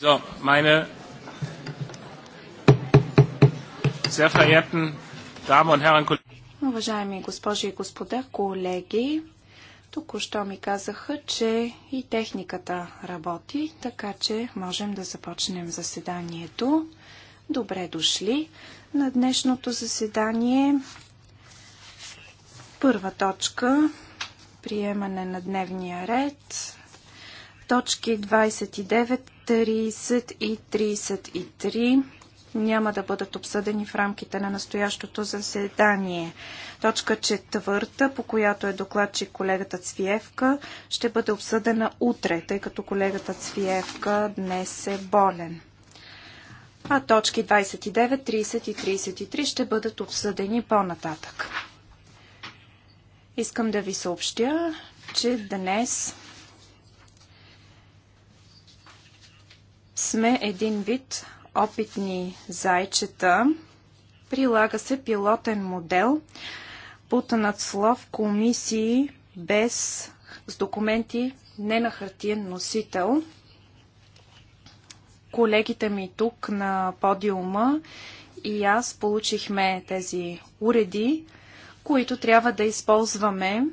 So, meine sehr verehrten Damen und Herren Kollegen. Уважаеми госпожи и господа, колеги, току-що ми казаха, че и техниката работи, така че можем да започнем заседанието. Добре дошли на днешното заседание. Първа точка приемане на дневния ред. Точки 29, 30 и 33 няма да бъдат обсъдени в рамките на настоящото заседание. Точка четвърта, по която е докладчик колегата Цвиевка, ще бъде обсъдена утре, тъй като колегата Цвиевка днес е болен. А точки 29, 30 и 33 ще бъдат обсъдени по-нататък. Искам да ви съобщя, че днес сме един вид опитни зайчета. Прилага се пилотен модел под надслов комисии без с документи не на хартиен носител. Колегите ми тук на подиума и аз получихме тези уреди, които трябва да използваме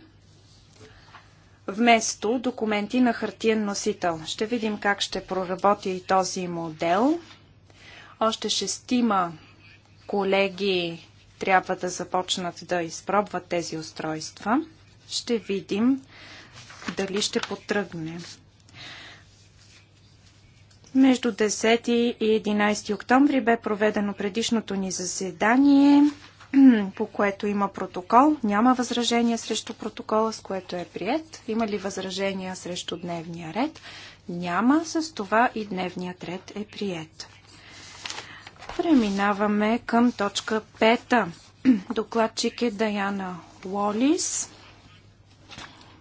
вместо документи на хартиен носител. Ще видим как ще проработи и този модел. Още шестима колеги трябва да започнат да изпробват тези устройства. Ще видим дали ще потръгне. Между 10 и 11 октомври бе проведено предишното ни заседание по което има протокол. Няма възражения срещу протокола, с което е прият. Има ли възражения срещу дневния ред? Няма. С това и дневният ред е прият. Преминаваме към точка 5. Докладчик е Даяна Уолис.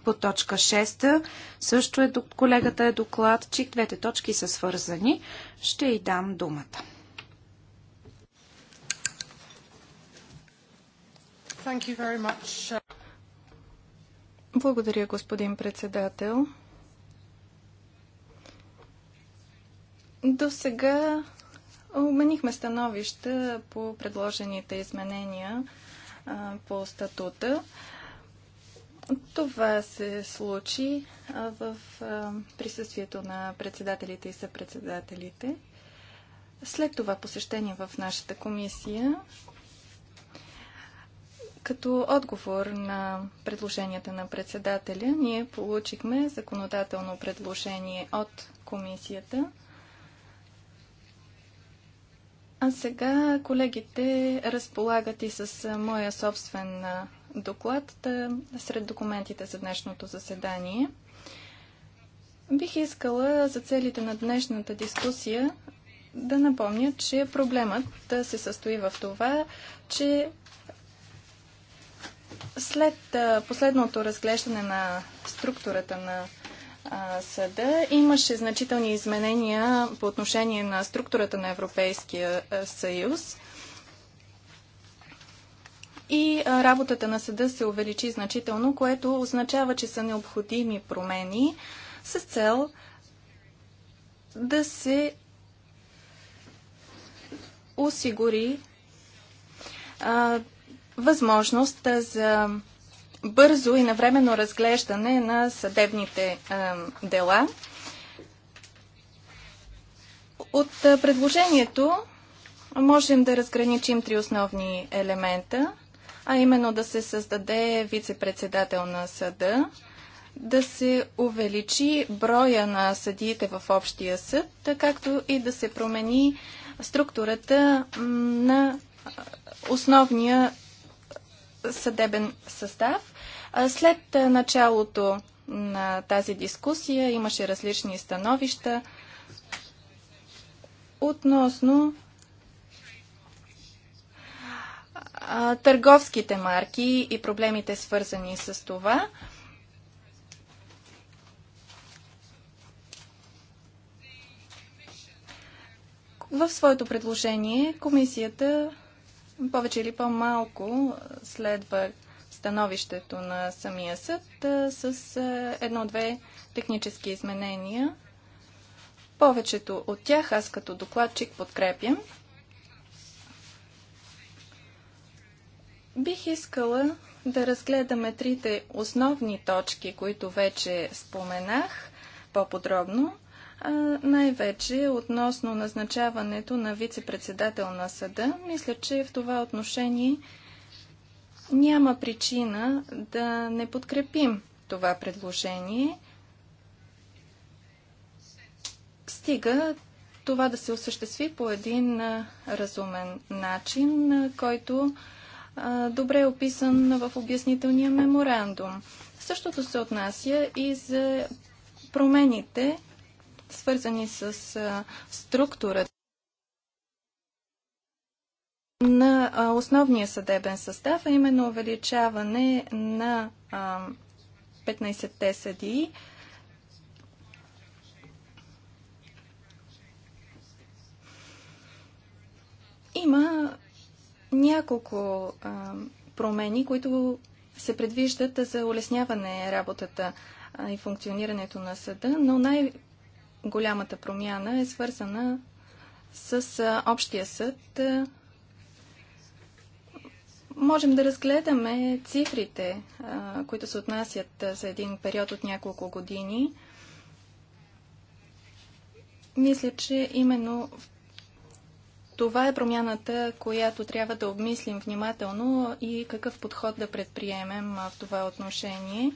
По точка 6 също е колегата е докладчик. Двете точки са свързани. Ще й дам думата. Uh, Благодаря, господин председател. До сега обменихме становища по предложените изменения по статута. Това се случи в присъствието на председателите и съпредседателите. След това посещение в нашата комисия като отговор на предложенията на председателя, ние получихме законодателно предложение от комисията. А сега колегите разполагат и с моя собствен доклад да, сред документите за днешното заседание. Бих искала за целите на днешната дискусия да напомня, че проблемът да се състои в това, че след последното разглеждане на структурата на съда имаше значителни изменения по отношение на структурата на Европейския съюз и работата на съда се увеличи значително, което означава, че са необходими промени с цел да се осигури а, възможност за бързо и навременно разглеждане на съдебните дела. От предложението можем да разграничим три основни елемента, а именно да се създаде вице-председател на съда, да се увеличи броя на съдиите в общия съд, както и да се промени структурата на основния съдебен състав. След началото на тази дискусия имаше различни становища относно търговските марки и проблемите свързани с това. В своето предложение комисията повече или по-малко следва становището на самия съд с едно-две технически изменения. Повечето от тях аз като докладчик подкрепям. Бих искала да разгледаме трите основни точки, които вече споменах по-подробно най-вече относно назначаването на вице-председател на съда. Мисля, че в това отношение няма причина да не подкрепим това предложение. Стига това да се осъществи по един разумен начин, който добре е описан в обяснителния меморандум. Същото се отнася и за промените свързани с структурата на основния съдебен състав, а именно увеличаване на 15-те съдии. Има няколко а, промени, които се предвиждат за улесняване работата и функционирането на съда, но най- голямата промяна е свързана с общия съд. Можем да разгледаме цифрите, които се отнасят за един период от няколко години. Мисля, че именно това е промяната, която трябва да обмислим внимателно и какъв подход да предприемем в това отношение.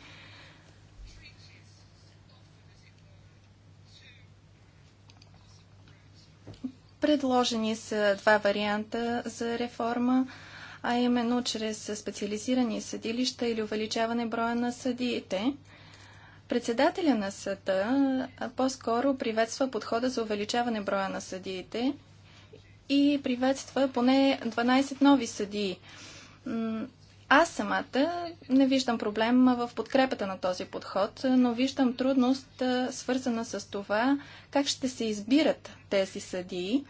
Предложени са два варианта за реформа, а именно чрез специализирани съдилища или увеличаване броя на съдиите. Председателя на съда по-скоро приветства подхода за увеличаване броя на съдиите и приветства поне 12 нови съдии. Аз самата не виждам проблем в подкрепата на този подход, но виждам трудност, свързана с това как ще се избират тези съдии.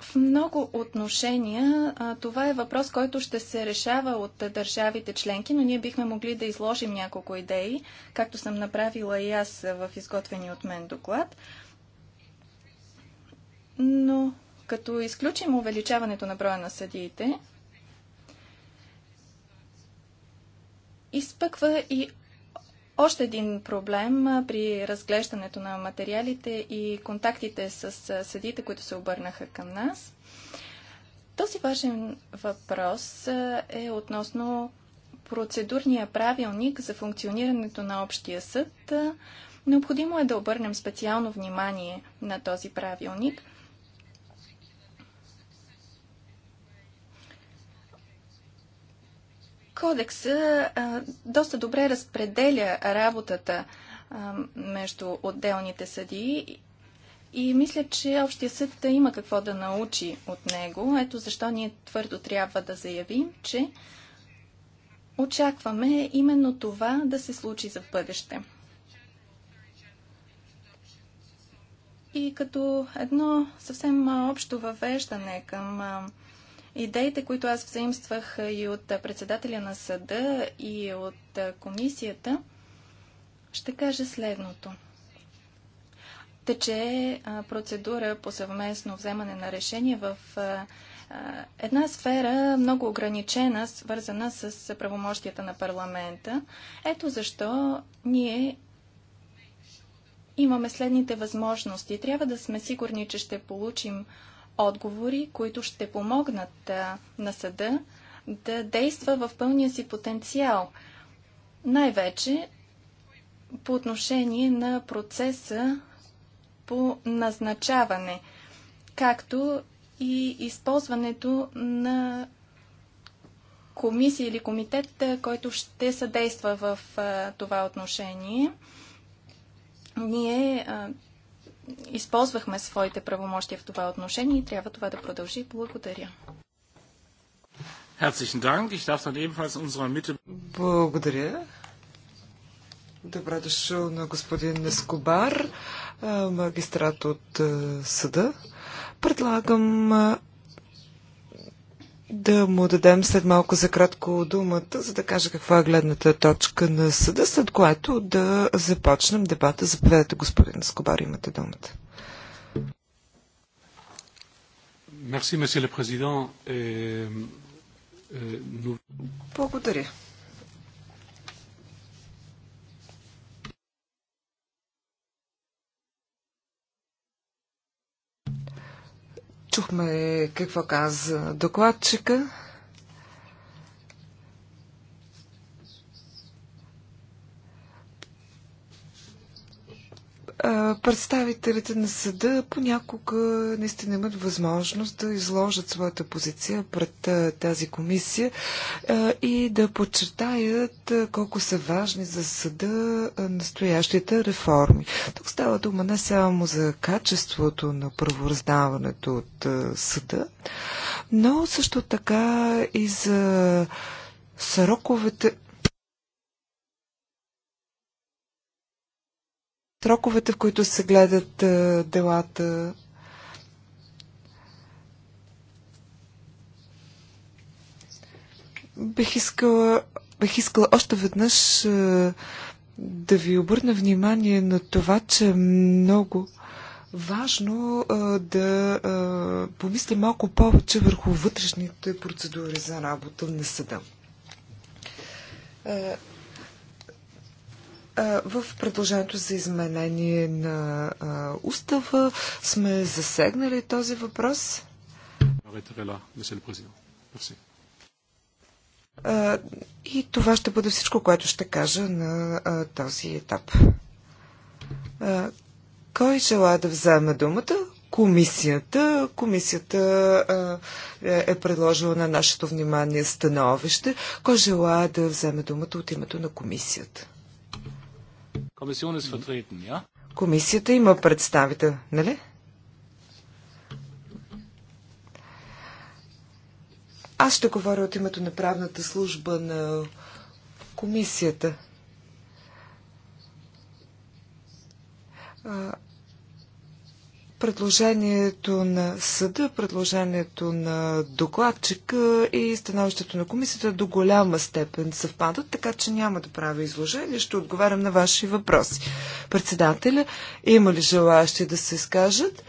В много отношения това е въпрос, който ще се решава от държавите членки, но ние бихме могли да изложим няколко идеи, както съм направила и аз в изготвения от мен доклад. Но като изключим увеличаването на броя на съдиите, изпъква и още един проблем при разглеждането на материалите и контактите с съдиите, които се обърнаха към нас. Този важен въпрос е относно процедурния правилник за функционирането на общия съд. Необходимо е да обърнем специално внимание на този правилник – Кодекса а, доста добре разпределя работата а, между отделните съдии и мисля, че Общия съд има какво да научи от него. Ето защо ние твърдо трябва да заявим, че очакваме именно това да се случи за бъдеще. И като едно съвсем общо въвеждане към Идеите, които аз взаимствах и от председателя на съда, и от комисията, ще кажа следното. Тече процедура по съвместно вземане на решение в една сфера много ограничена, свързана с правомощията на парламента. Ето защо ние имаме следните възможности. Трябва да сме сигурни, че ще получим отговори, които ще помогнат на съда да действа в пълния си потенциал. Най-вече по отношение на процеса по назначаване, както и използването на комисия или комитет, който ще съдейства в това отношение. Ние използвахме своите правомощия в това отношение и трябва това да продължи. Благодаря. Благодаря. Добре дошъл на господин Скобар, магистрат от съда. Предлагам да му дадем след малко за кратко думата, за да каже каква е гледната точка на съда, след което да започнем дебата. Заповядайте, господин Скобар, имате думата. Е, е, Благодаря. Чухме какво каза докладчика. представителите на съда понякога наистина имат възможност да изложат своята позиция пред тази комисия и да подчертаят колко са важни за съда настоящите реформи. Тук става дума не само за качеството на правораздаването от съда, но също така и за сроковете Троковете, в които се гледат е, делата. Бих искала, бих искала още веднъж е, да ви обърна внимание на това, че е много важно е, да помисли малко повече върху вътрешните процедури за работа на съда. В предложението за изменение на устава сме засегнали този въпрос. И това ще бъде всичко, което ще кажа на този етап. Кой желая да вземе думата? комисията. Комисията е предложила на нашето внимание становище. Кой желая да вземе думата от името на комисията? Комисията има представител, нали? Аз ще говоря от името на правната служба на комисията предложението на съда, предложението на докладчика и становището на комисията до голяма степен съвпадат, така че няма да правя изложение. Ще отговарям на ваши въпроси. Председателя, има ли желаящи да се изкажат?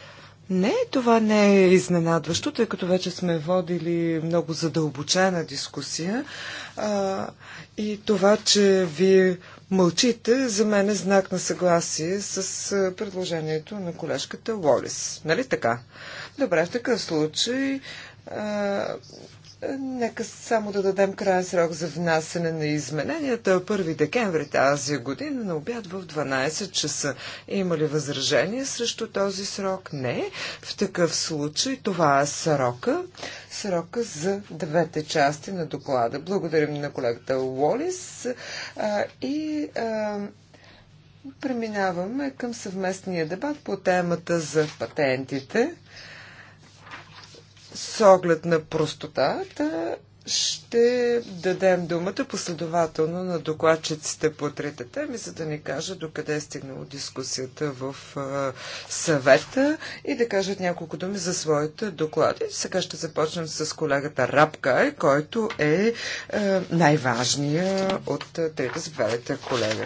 Не, това не е изненадващо, тъй като вече сме водили много задълбочена дискусия. А, и това, че вие мълчите, за мен е знак на съгласие с предложението на колежката Лолис. Нали така? Добре, в такъв случай Нека само да дадем края срок за внасене на измененията. 1 декември тази година на обяд в 12 часа. Има ли възражение срещу този срок? Не. В такъв случай това е срока. Срока за двете части на доклада. Благодарим на колегата Уолис а, и а, преминаваме към съвместния дебат по темата за патентите. С оглед на простотата ще дадем думата последователно на докладчиците по трите теми, за да ни кажа докъде е стигнала дискусията в съвета и да кажат няколко думи за своите доклади. Сега ще започнем с колегата Рапкай, който е най-важният от трите. заповедите колега.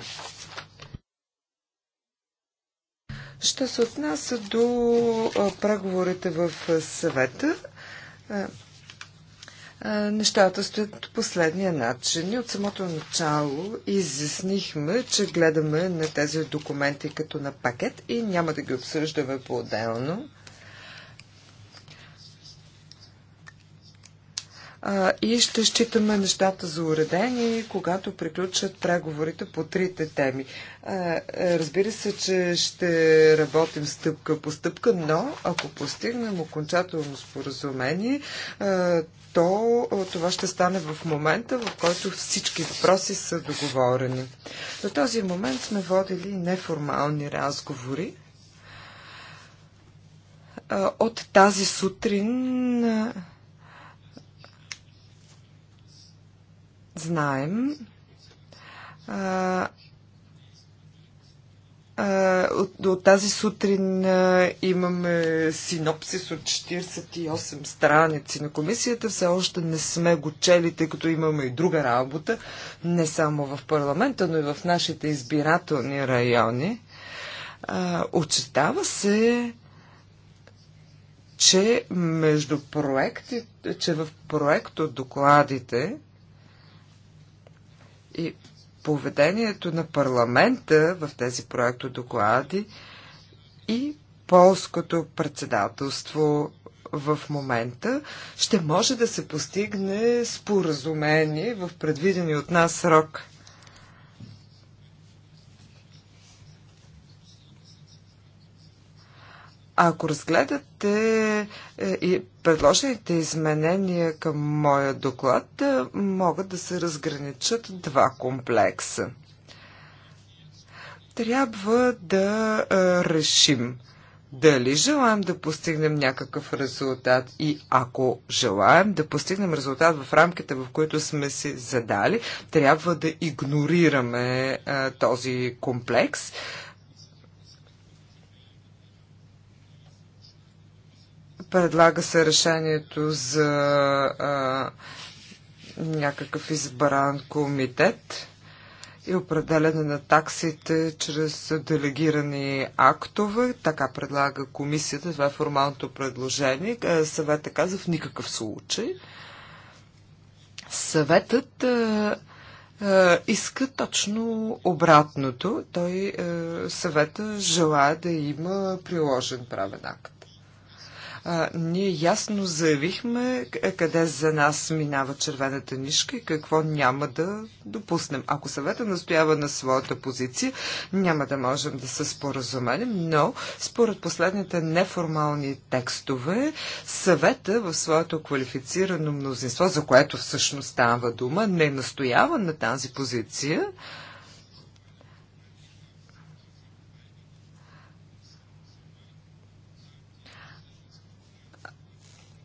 Що се отнася до преговорите в съвета, е, е, нещата стоят последния начин. И от самото начало изяснихме, че гледаме на тези документи като на пакет и няма да ги обсъждаме по-отделно. и ще считаме нещата за уредени, когато приключат преговорите по трите теми. Е, разбира се, че ще работим стъпка по стъпка, но ако постигнем окончателно споразумение, то това ще стане в момента, в който всички въпроси са договорени. До този момент сме водили неформални разговори. От тази сутрин знаем, от, от тази сутрин имаме синопсис от 48 страници на комисията. Все още не сме го чели, тъй като имаме и друга работа, не само в парламента, но и в нашите избирателни райони. очетава се че между проекти, че в от докладите и поведението на парламента в тези проекто доклади и полското председателство в момента ще може да се постигне споразумение в предвидени от нас срок. Ако разгледате е, и предложените изменения към моя доклад, е, могат да се разграничат два комплекса. Трябва да е, решим дали желаем да постигнем някакъв резултат и ако желаем да постигнем резултат в рамките, в които сме си задали, трябва да игнорираме а, този комплекс Предлага се решението за а, някакъв избран комитет и определяне на таксите чрез делегирани актове. Така предлага комисията. Това е формалното предложение. Е, съвета каза в никакъв случай. Съветът а, е, а, е, иска точно обратното. Той а, съвета желая да има приложен правен акт а, ние ясно заявихме къде за нас минава червената нишка и какво няма да допуснем. Ако съвета настоява на своята позиция, няма да можем да се споразумеем, но според последните неформални текстове, съвета в своето квалифицирано мнозинство, за което всъщност става дума, не настоява на тази позиция,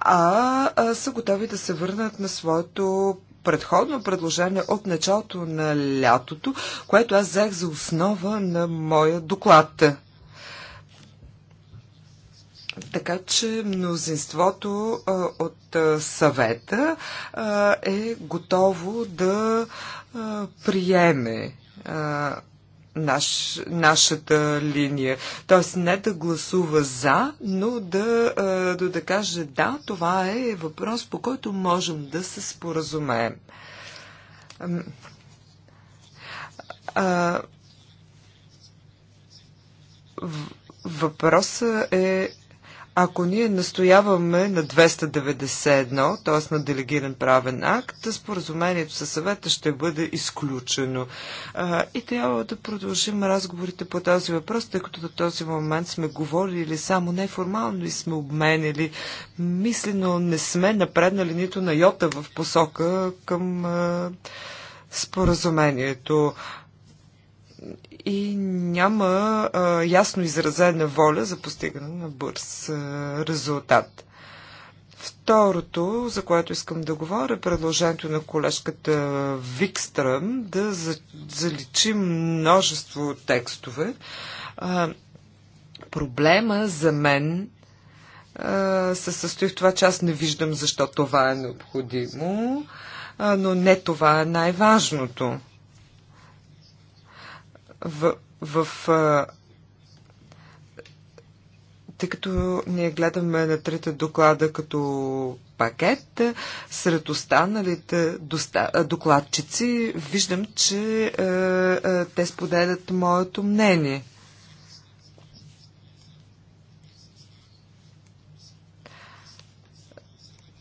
а, а са готови да се върнат на своето предходно предложение от началото на лятото, което аз взех за основа на моя доклад. Така че мнозинството а, от а, съвета а, е готово да а, приеме а, наш, нашата линия. Тоест не да гласува за, но да, да, да каже да, това е въпрос, по който можем да се споразумеем. Въпросът е ако ние настояваме на 291, т.е. на делегиран правен акт, споразумението със съвета ще бъде изключено. и трябва да продължим разговорите по този въпрос, тъй като до този момент сме говорили само неформално и сме обменили мислено не сме напреднали нито на йота в посока към споразумението и няма а, ясно изразена воля за постигане на бърз а, резултат. Второто, за което искам да говоря, е предложението на колежката Викстръм да заличи множество текстове. А, проблема за мен а, се състои в това, че аз не виждам защо това е необходимо, а, но не това е най-важното в, в а, тъй като ние гледаме на трите доклада като пакет, сред останалите докладчици виждам, че е, е, те споделят моето мнение.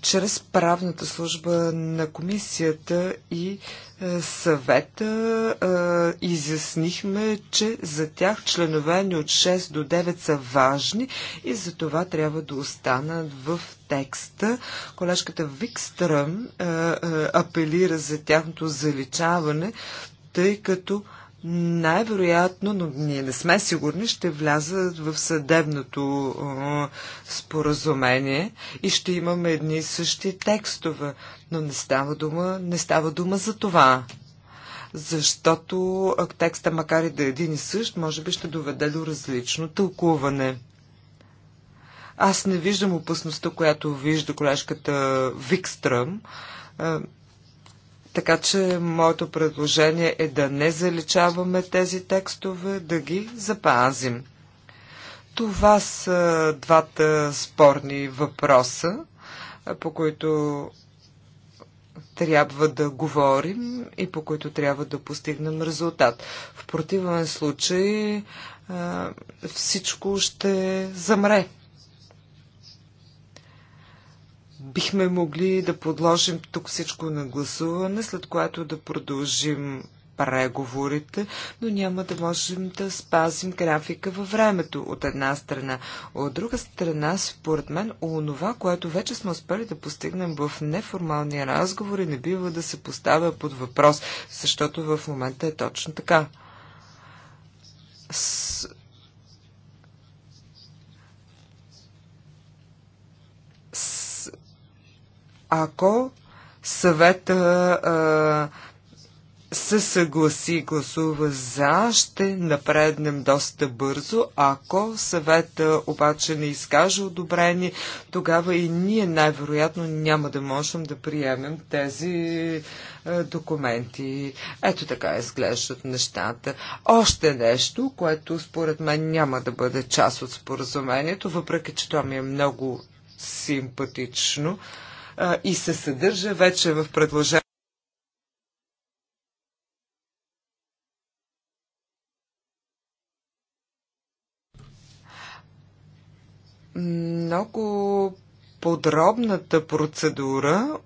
Чрез правната служба на комисията и е, е, съвета а, е, изяснихме, че за тях членове ни от 6 до 9 са важни и за това трябва да останат в текста. Колежката Викстръм а, е, а, апелира за тяхното заличаване, тъй като най-вероятно, но ние не сме сигурни, ще влязат в съдебното а, споразумение и ще имаме едни и същи текстове. Но не става дума, не става дума за това. Защото текста, макар и да е един и същ, може би ще доведе до различно тълкуване. Аз не виждам опасността, която вижда колежката Викстръм така че моето предложение е да не заличаваме тези текстове, да ги запазим. Това са двата спорни въпроса, по които трябва да говорим и по които трябва да постигнем резултат. В противен случай всичко ще замре. бихме могли да подложим тук всичко на гласуване, след което да продължим преговорите, но няма да можем да спазим графика във времето от една страна. От друга страна, според мен, онова, което вече сме успели да постигнем в неформални разговори, не бива да се поставя под въпрос, защото в момента е точно така. С ако съвета а, се съгласи и гласува за, ще напреднем доста бързо. Ако съвета обаче не изкаже одобрение, тогава и ние най-вероятно няма да можем да приемем тези документи. Ето така изглеждат нещата. Още нещо, което според мен няма да бъде част от споразумението, въпреки че то ми е много симпатично а, и се съдържа вече в предложението. Много подробната процедура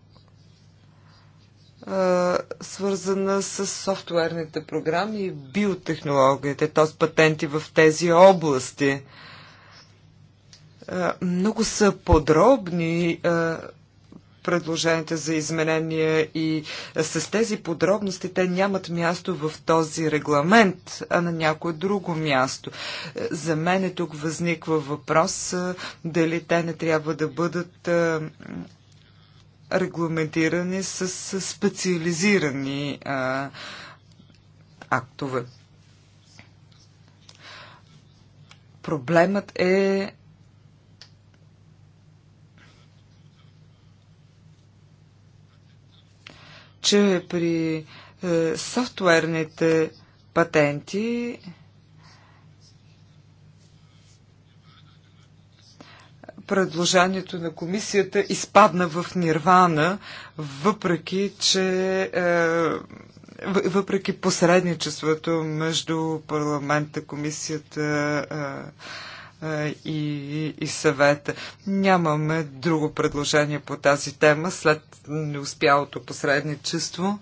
свързана с софтуерните програми и биотехнологията, т.е. патенти в тези области. Много са подробни предложенията за изменения и с тези подробности те нямат място в този регламент, а на някое друго място. За мен е тук възниква въпрос дали те не трябва да бъдат регламентирани с специализирани а, актове. Проблемът е че при е, софтуерните патенти предложението на комисията изпадна в нирвана, въпреки че е, въпреки посредничеството между парламента, комисията е, е, и, и съвета. Нямаме друго предложение по тази тема след неуспялото посредничество.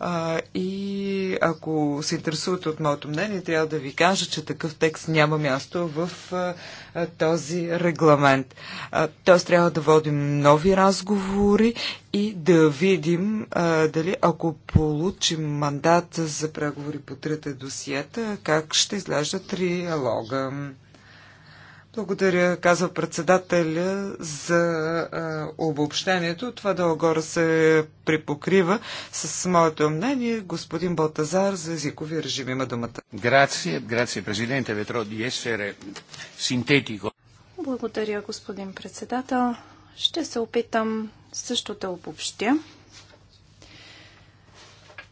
А, и ако се интересувате от моето мнение, трябва да ви кажа, че такъв текст няма място в а, е, е, този регламент. тоест трябва да водим нови разговори и да видим а, дали ако получим мандат за преговори по трите досиета, как ще изглежда триалога. Благодаря, казва председателя, за а, обобщението. Това долу-горе се припокрива с моето мнение. Господин Балтазар за езикови режим има думата. Грация, грация, президенте Ветро, есере синтетико. Благодаря, господин председател. Ще се опитам също да обобщя.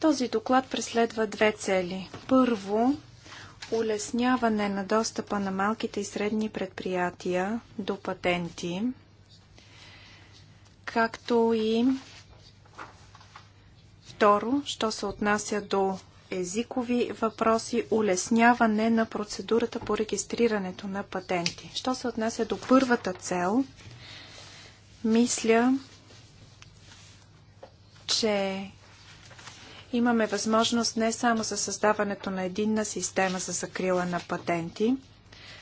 Този доклад преследва две цели. Първо, улесняване на достъпа на малките и средни предприятия до патенти, както и второ, що се отнася до езикови въпроси, улесняване на процедурата по регистрирането на патенти. Що се отнася до първата цел, мисля, че имаме възможност не само за създаването на единна система за закрила на патенти,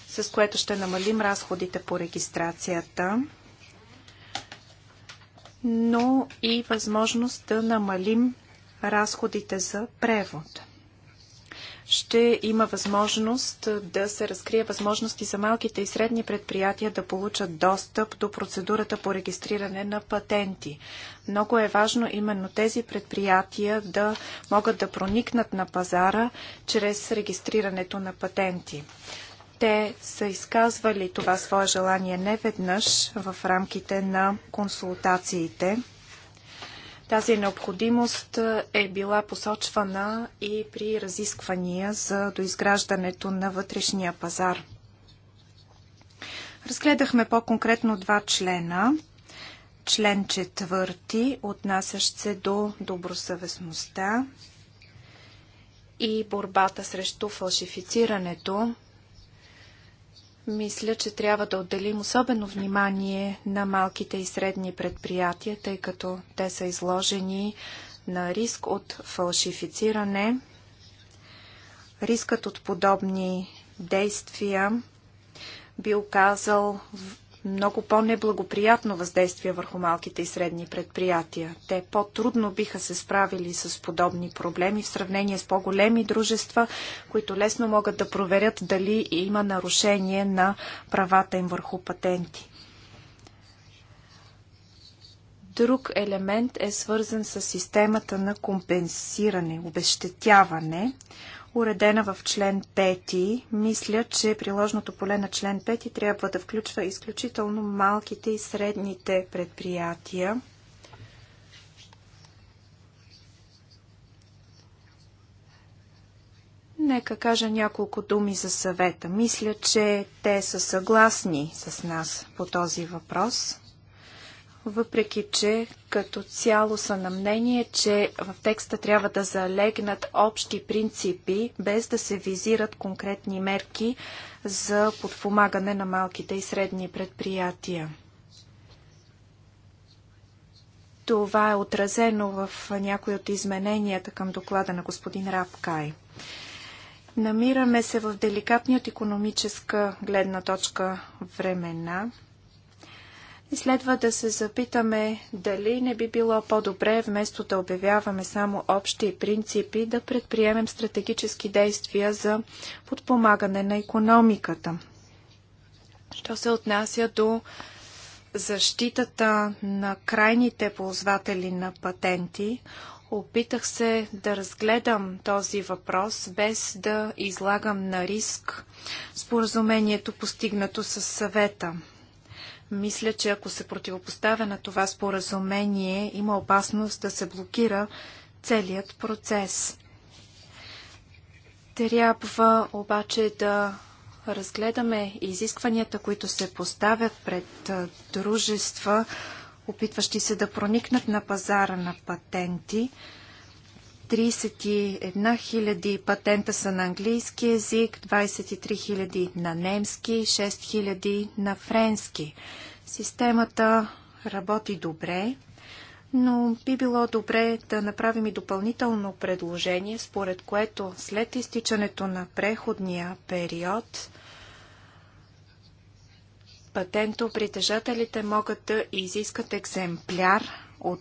с което ще намалим разходите по регистрацията, но и възможност да намалим разходите за превод – ще има възможност да се разкрие възможности за малките и средни предприятия да получат достъп до процедурата по регистриране на патенти. Много е важно именно тези предприятия да могат да проникнат на пазара чрез регистрирането на патенти. Те са изказвали това свое желание неведнъж в рамките на консултациите тази необходимост е била посочвана и при разисквания за доизграждането на вътрешния пазар. Разгледахме по-конкретно два члена. Член четвърти, отнасящ се до добросъвестността и борбата срещу фалшифицирането мисля, че трябва да отделим особено внимание на малките и средни предприятия, тъй като те са изложени на риск от фалшифициране. Рискът от подобни действия би оказал много по-неблагоприятно въздействие върху малките и средни предприятия. Те по-трудно биха се справили с подобни проблеми в сравнение с по-големи дружества, които лесно могат да проверят дали има нарушение на правата им върху патенти. Друг елемент е свързан с системата на компенсиране, обещетяване уредена в член 5. Мисля, че приложното поле на член 5 трябва да включва изключително малките и средните предприятия. Нека кажа няколко думи за съвета. Мисля, че те са съгласни с нас по този въпрос въпреки че като цяло са на мнение, че в текста трябва да залегнат общи принципи, без да се визират конкретни мерки за подпомагане на малките и средни предприятия. Това е отразено в някои от измененията към доклада на господин Рапкай. Намираме се в деликатни от економическа гледна точка времена, и следва да се запитаме дали не би било по-добре, вместо да обявяваме само общи принципи, да предприемем стратегически действия за подпомагане на економиката. Що се отнася до защитата на крайните ползватели на патенти, опитах се да разгледам този въпрос без да излагам на риск споразумението постигнато с съвета. Мисля, че ако се противопоставя на това споразумение, има опасност да се блокира целият процес. Трябва обаче да разгледаме изискванията, които се поставят пред дружества, опитващи се да проникнат на пазара на патенти. 31 000 патента са на английски язик, 23 000 на немски, 6 000 на френски. Системата работи добре, но би било добре да направим и допълнително предложение, според което след изтичането на преходния период патентопритежателите могат да изискат екземпляр от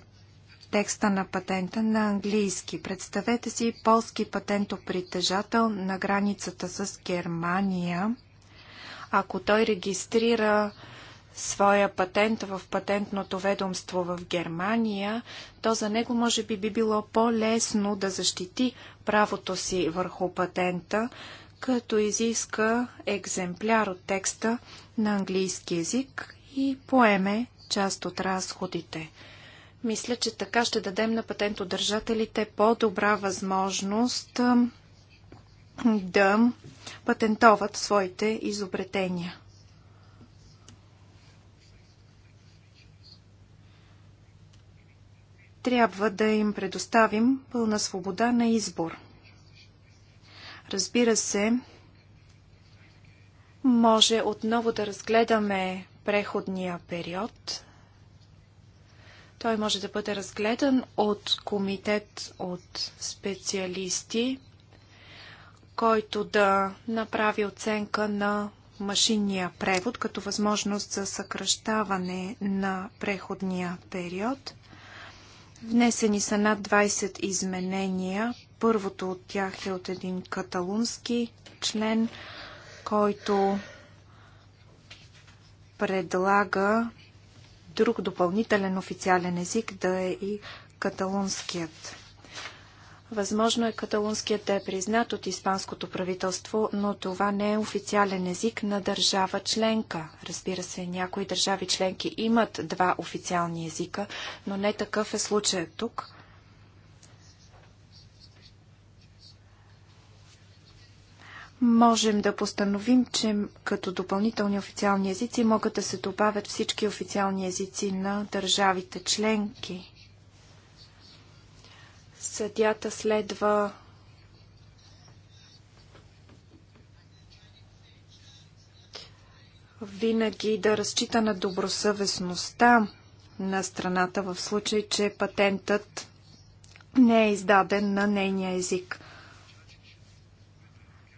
текста на патента на английски. Представете си полски патентопритежател на границата с Германия. Ако той регистрира своя патент в патентното ведомство в Германия, то за него може би би било по-лесно да защити правото си върху патента, като изиска екземпляр от текста на английски язик и поеме част от разходите. Мисля, че така ще дадем на патентодържателите по-добра възможност да патентоват своите изобретения. Трябва да им предоставим пълна свобода на избор. Разбира се, може отново да разгледаме преходния период той може да бъде разгледан от комитет от специалисти, който да направи оценка на машинния превод като възможност за съкръщаване на преходния период. Внесени са над 20 изменения. Първото от тях е от един каталунски член, който предлага друг допълнителен официален език да е и каталунският. Възможно е каталунският да е признат от испанското правителство, но това не е официален език на държава членка. Разбира се, някои държави членки имат два официални езика, но не такъв е случая тук – можем да постановим, че като допълнителни официални езици могат да се добавят всички официални езици на държавите членки. Съдята следва винаги да разчита на добросъвестността на страната в случай, че патентът не е издаден на нейния език.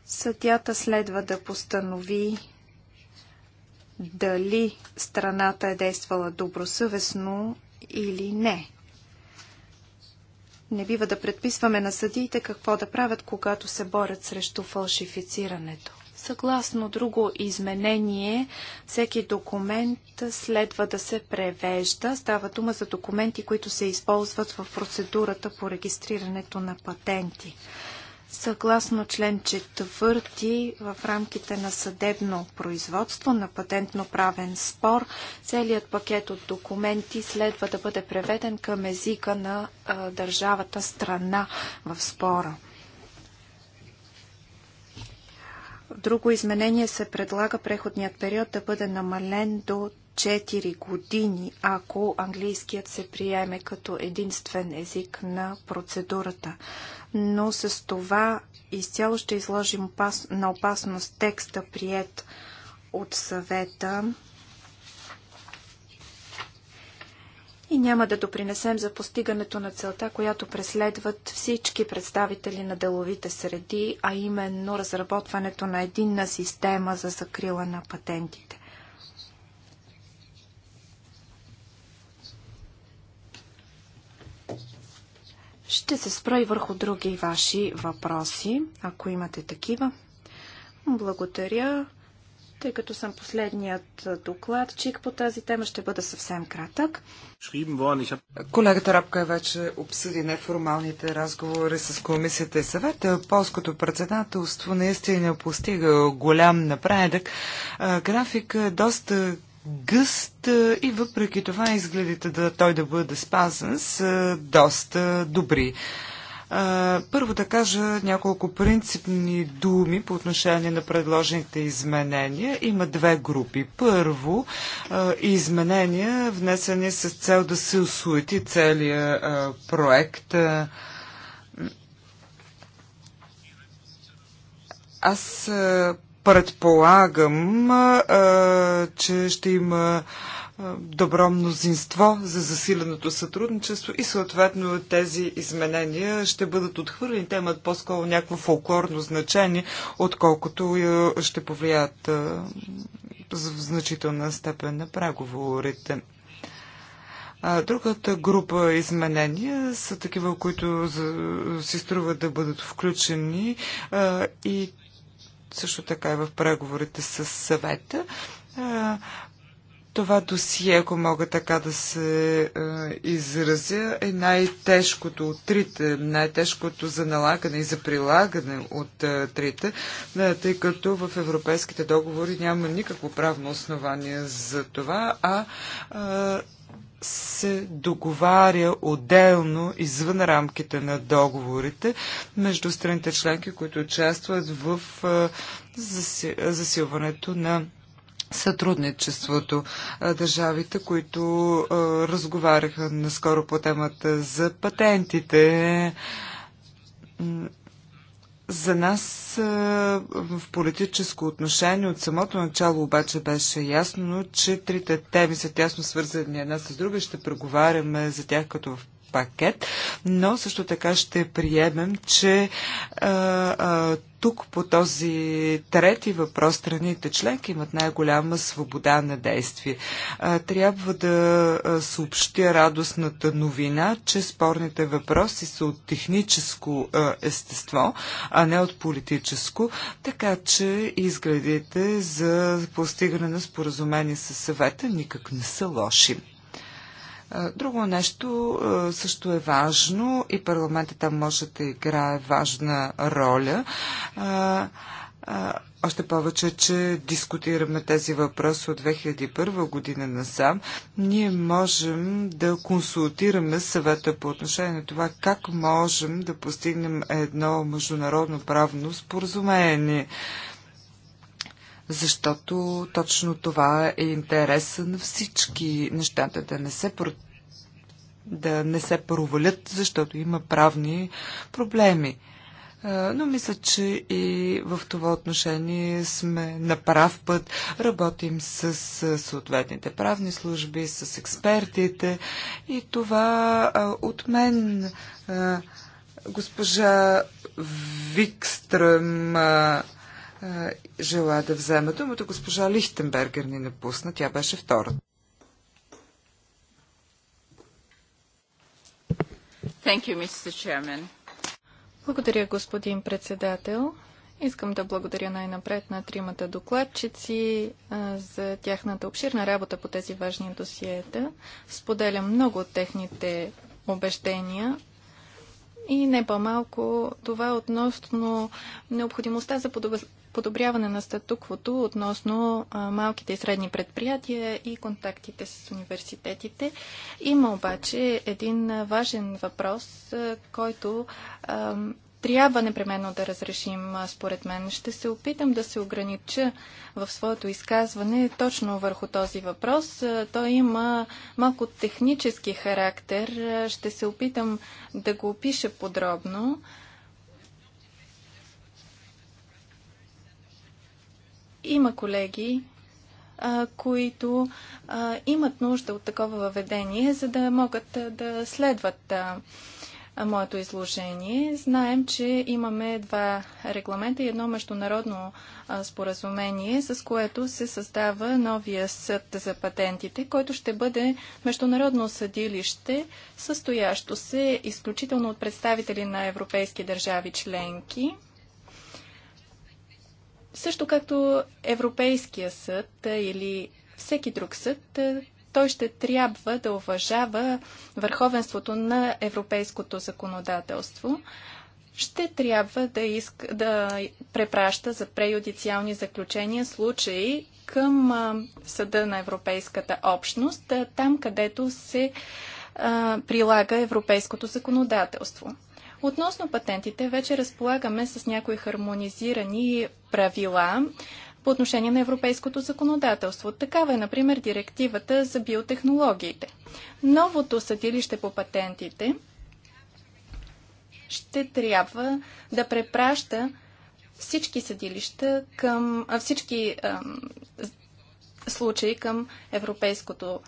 Съдята следва да постанови дали страната е действала добросъвестно или не. Не бива да предписваме на съдиите какво да правят, когато се борят срещу фалшифицирането. Съгласно друго изменение, всеки документ следва да се превежда. Става дума за документи, които се използват в процедурата по регистрирането на патенти. Съгласно член 4 в рамките на съдебно производство на патентно-правен спор, целият пакет от документи следва да бъде преведен към езика на а, държавата страна в спора. Друго изменение се предлага преходният период да бъде намален до 4 години, ако английският се приеме като единствен език на процедурата. Но с това изцяло ще изложим опас... на опасност текста, прият от съвета. И няма да допринесем за постигането на целта, която преследват всички представители на деловите среди, а именно разработването на единна система за закрила на патентите. Ще се спра и върху други ваши въпроси, ако имате такива. Благодаря. Тъй като съм последният докладчик по тази тема, ще бъда съвсем кратък. Колегата Рапка е вече обсъди неформалните разговори с комисията и съвета. Полското председателство наистина постига голям напредък. График е доста гъст и въпреки това изгледите да той да бъде спазен са доста добри. Първо да кажа няколко принципни думи по отношение на предложените изменения. Има две групи. Първо, изменения внесени с цел да се усуети целият проект. Аз Предполагам, че ще има добро мнозинство за засиленото сътрудничество и съответно тези изменения ще бъдат отхвърлени. Те имат по-скоро някакво фолклорно значение, отколкото ще повлият в значителна степен на преговорите. Другата група изменения са такива, които си струва да бъдат включени и също така и в преговорите с съвета. Това досие, ако мога така да се е, изразя, е най-тежкото от трите, най-тежкото за налагане и за прилагане от е, трите, е, тъй като в европейските договори няма никакво правно основание за това, а е, се договаря отделно извън рамките на договорите между страните членки, които участват в засилването на сътрудничеството. Държавите, които разговаряха наскоро по темата за патентите, за нас в политическо отношение от самото начало обаче беше ясно, че трите теми са тясно свързани една с друга ще преговаряме за тях като в пакет, но също така ще приемем, че а, а, тук по този трети въпрос страните членки имат най-голяма свобода на действие. А, трябва да съобщя радостната новина, че спорните въпроси са от техническо а, естество, а не от политическо, така че изградите за постигане на споразумение с съвета никак не са лоши. Друго нещо също е важно и парламентът там може да играе важна роля. Още повече, че дискутираме тези въпроси от 2001 година насам, ние можем да консултираме съвета по отношение на това как можем да постигнем едно международно правно споразумение защото точно това е интереса на всички нещата, да не се против да не се провалят, защото има правни проблеми. Но мисля, че и в това отношение сме на прав път. Работим с съответните правни служби, с експертите и това от мен госпожа Викстръм желая да взема думата. Госпожа Лихтенбергер ни напусна. Тя беше втора. Thank you, Mr. Chairman. Благодаря, господин председател. Искам да благодаря най-напред на тримата докладчици а, за тяхната обширна работа по тези важни досиета. Споделям много от техните обещения и не по-малко това относно необходимостта за подобряване на статуквото относно малките и средни предприятия и контактите с университетите. Има обаче един важен въпрос, който трябва непременно да разрешим, според мен. Ще се опитам да се огранича в своето изказване точно върху този въпрос. Той има малко технически характер. Ще се опитам да го опиша подробно. Има колеги, а, които а, имат нужда от такова въведение, за да могат а, да следват моето изложение. Знаем, че имаме два регламента и едно международно споразумение, с което се създава новия съд за патентите, който ще бъде международно съдилище, състоящо се изключително от представители на европейски държави членки също както Европейския съд или всеки друг съд, той ще трябва да уважава върховенството на европейското законодателство. Ще трябва да, иска, да препраща за преюдициални заключения случаи към Съда на Европейската общност, там където се прилага европейското законодателство. Относно патентите, вече разполагаме с някои хармонизирани правила по отношение на европейското законодателство. Такава е, например, директивата за биотехнологиите. Новото съдилище по патентите ще трябва да препраща всички съдилища към всички ам, случаи към европейското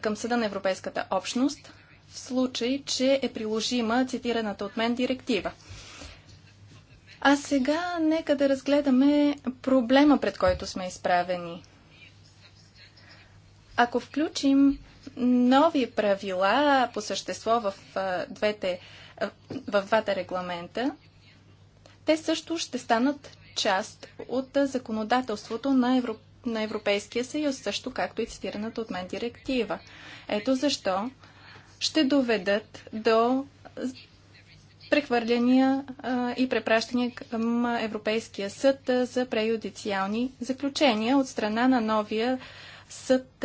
към Съда на Европейската общност, в случай, че е приложима цитираната от мен директива. А сега нека да разгледаме проблема, пред който сме изправени. Ако включим нови правила по същество в, двете, в двата регламента, те също ще станат част от законодателството на, Евро... на Европейския съюз, също както и цитираната от мен директива. Ето защо ще доведат до прехвърляния и препращания към Европейския съд за преюдициални заключения от страна на новия съд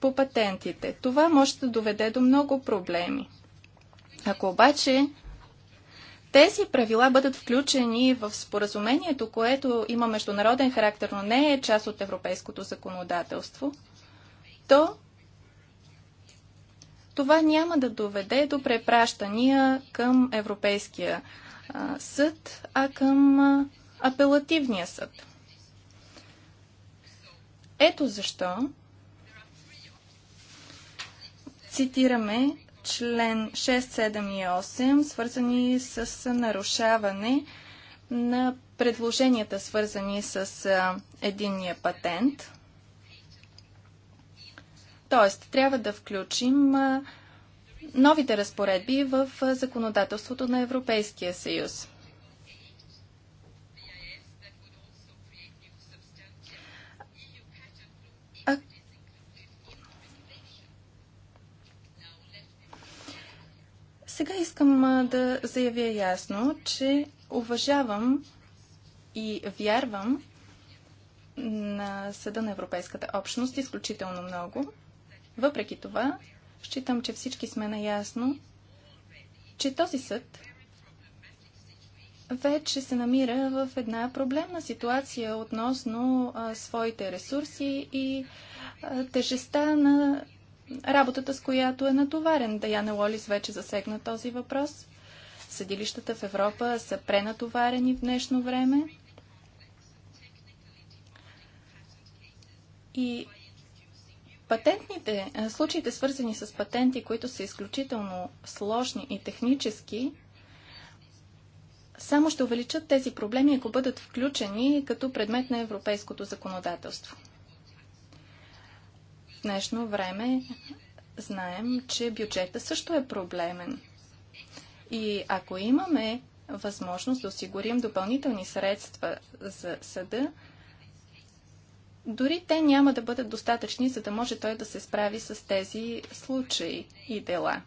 по патентите. Това може да доведе до много проблеми. Ако обаче тези правила бъдат включени в споразумението, което има международен характер, но не е част от европейското законодателство, то това няма да доведе до препращания към Европейския съд, а към апелативния съд. Ето защо цитираме член 6, 7 и 8, свързани с нарушаване на предложенията, свързани с единния патент – Тоест, трябва да включим новите разпоредби в законодателството на Европейския съюз. Сега искам да заявя ясно, че уважавам и вярвам на Съда на Европейската общност изключително много. Въпреки това, считам, че всички сме наясно, че този съд вече се намира в една проблемна ситуация относно а, своите ресурси и а, тежестта на работата, с която е натоварен. Даяна Лолис вече засегна този въпрос. Съдилищата в Европа са пренатоварени в днешно време. И Патентните, случаите свързани с патенти, които са изключително сложни и технически, само ще увеличат тези проблеми, ако бъдат включени като предмет на европейското законодателство. В днешно време знаем, че бюджета също е проблемен. И ако имаме възможност да осигурим допълнителни средства за съда, дори те няма да бъдат достатъчни, за да може той да се справи с тези случаи и дела.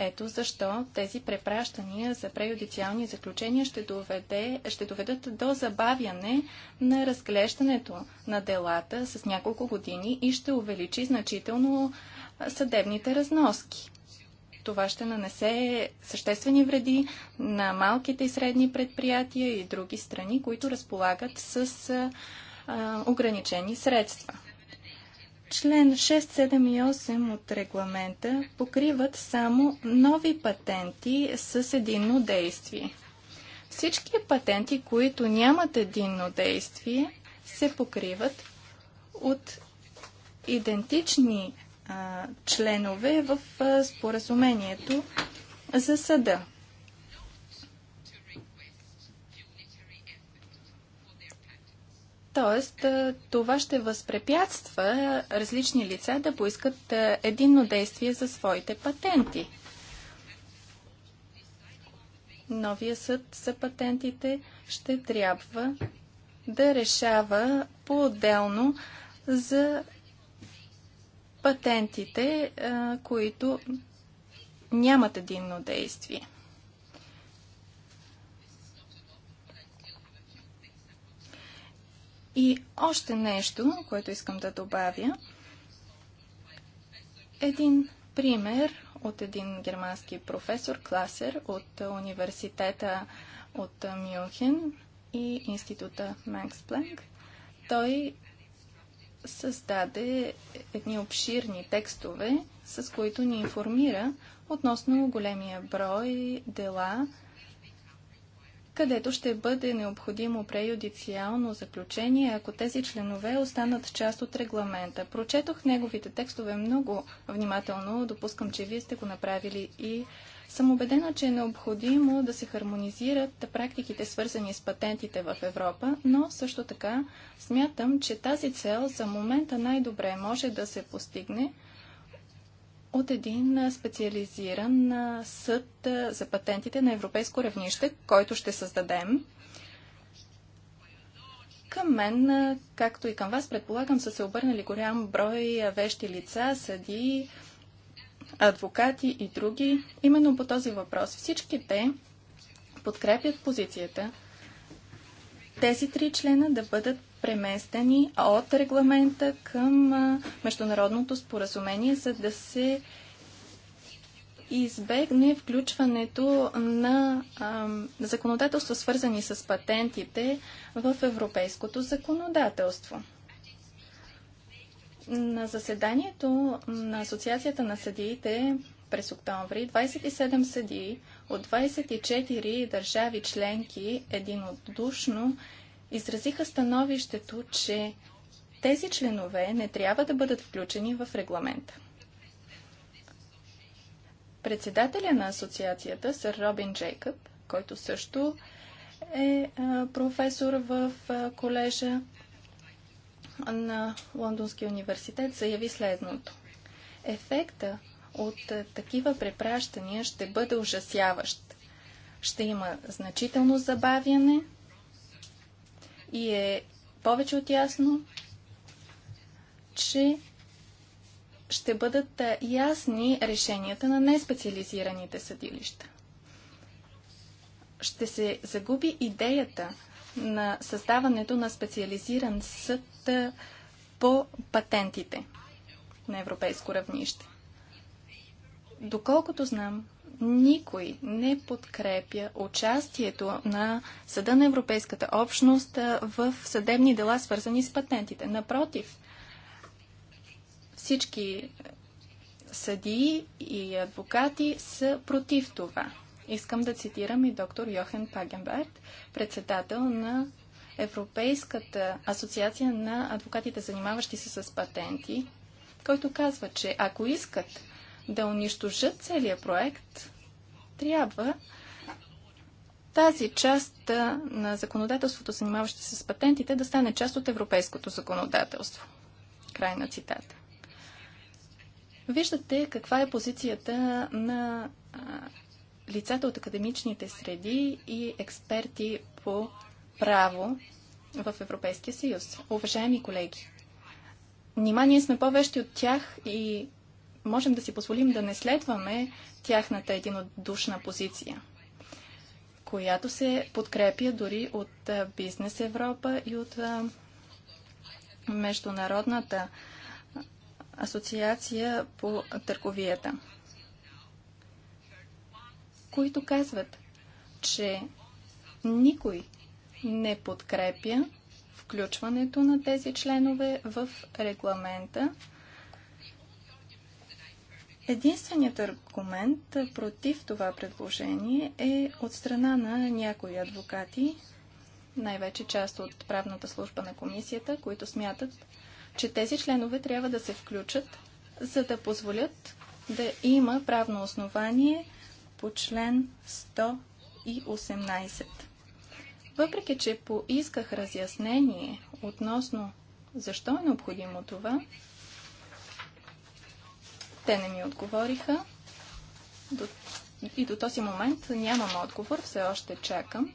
Ето защо тези препращания за преюдициални заключения ще, доведе, ще доведат до забавяне на разглеждането на делата с няколко години и ще увеличи значително съдебните разноски. Това ще нанесе съществени вреди на малките и средни предприятия и други страни, които разполагат с ограничени средства. Член 6, 7 и 8 от регламента покриват само нови патенти с единно действие. Всички патенти, които нямат единно действие, се покриват от идентични а, членове в а, споразумението за съда. Тоест, това ще възпрепятства различни лица да поискат единно действие за своите патенти. Новия съд за патентите ще трябва да решава по-отделно за патентите, които нямат единно действие. И още нещо, което искам да добавя. Един пример от един германски професор, класер от университета от Мюнхен и института Макс Планк. Той създаде едни обширни текстове, с които ни информира относно големия брой дела, където ще бъде необходимо преюдициално заключение, ако тези членове останат част от регламента. Прочетох неговите текстове много внимателно, допускам, че вие сте го направили и съм убедена, че е необходимо да се хармонизират практиките, свързани с патентите в Европа, но също така смятам, че тази цел за момента най-добре може да се постигне – от един специализиран съд за патентите на европейско равнище, който ще създадем. Към мен, както и към вас, предполагам, са се обърнали голям брой вещи лица, съди, адвокати и други, именно по този въпрос. Всички те подкрепят позицията, тези три члена да бъдат преместени от регламента към международното споразумение, за да се избегне включването на законодателство, свързани с патентите в европейското законодателство. На заседанието на Асоциацията на съдиите през октомври 27 съдии от 24 държави членки единодушно изразиха становището, че тези членове не трябва да бъдат включени в регламента. Председателя на асоциацията, сър Робин Джейкъб, който също е, е професор в е, колежа на Лондонския университет, заяви следното. Ефекта от е, такива препращания ще бъде ужасяващ. Ще има значително забавяне и е повече от ясно, че ще бъдат е, ясни решенията на неспециализираните съдилища. Ще се загуби идеята на създаването на специализиран съд е, по патентите на европейско равнище. Доколкото знам, никой не подкрепя участието на Съда на Европейската общност в съдебни дела, свързани с патентите. Напротив, всички е, съдии и адвокати са против това. Искам да цитирам и доктор Йохен Пагенберт, председател на Европейската асоциация на адвокатите, занимаващи се с патенти, който казва, че ако искат да унищожат целия проект, трябва тази част на законодателството, занимаващи се с патентите, да стане част от европейското законодателство. Край на цитата. Виждате каква е позицията на лицата от академичните среди и експерти по право в Европейския съюз. Уважаеми колеги, внимание сме по-вещи от тях и можем да си позволим да не следваме тяхната единодушна позиция, която се подкрепя дори от Бизнес Европа и от Международната асоциация по търговията, които казват, че никой не подкрепя включването на тези членове в регламента Единственият аргумент против това предложение е от страна на някои адвокати, най-вече част от правната служба на комисията, които смятат, че тези членове трябва да се включат, за да позволят да има правно основание по член 118. Въпреки, че поисках разяснение относно защо е необходимо това, те не ми отговориха. До... И до този момент нямам отговор, все още чакам.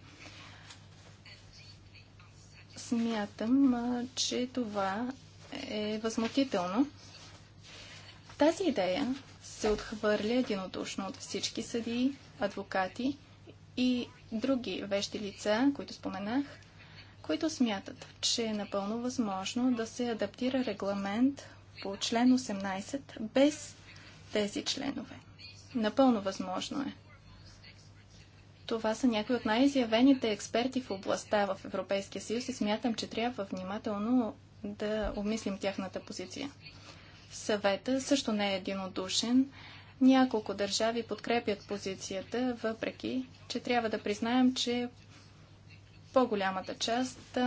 Смятам, че това е възмутително. Тази идея се отхвърля единодушно от всички съдии, адвокати и други вещи лица, които споменах, които смятат, че е напълно възможно да се адаптира регламент по член 18 без тези членове. Напълно възможно е. Това са някои от най-изявените експерти в областта в Европейския съюз и смятам, че трябва внимателно да обмислим тяхната позиция. Съвета също не е единодушен. Няколко държави подкрепят позицията, въпреки, че трябва да признаем, че по-голямата част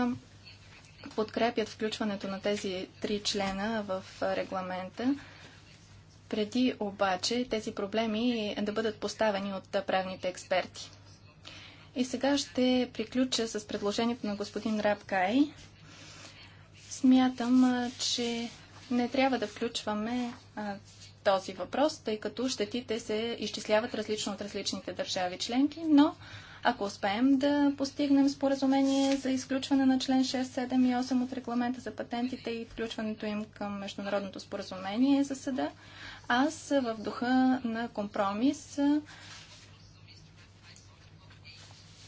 подкрепят включването на тези три члена в регламента преди обаче тези проблеми да бъдат поставени от правните експерти. И сега ще приключа с предложението на господин Рабкай. Смятам, че не трябва да включваме а, този въпрос, тъй като щетите се изчисляват различно от различните държави членки, но ако успеем да постигнем споразумение за изключване на член 6, 7 и 8 от регламента за патентите и включването им към международното споразумение за съда, аз в духа на компромис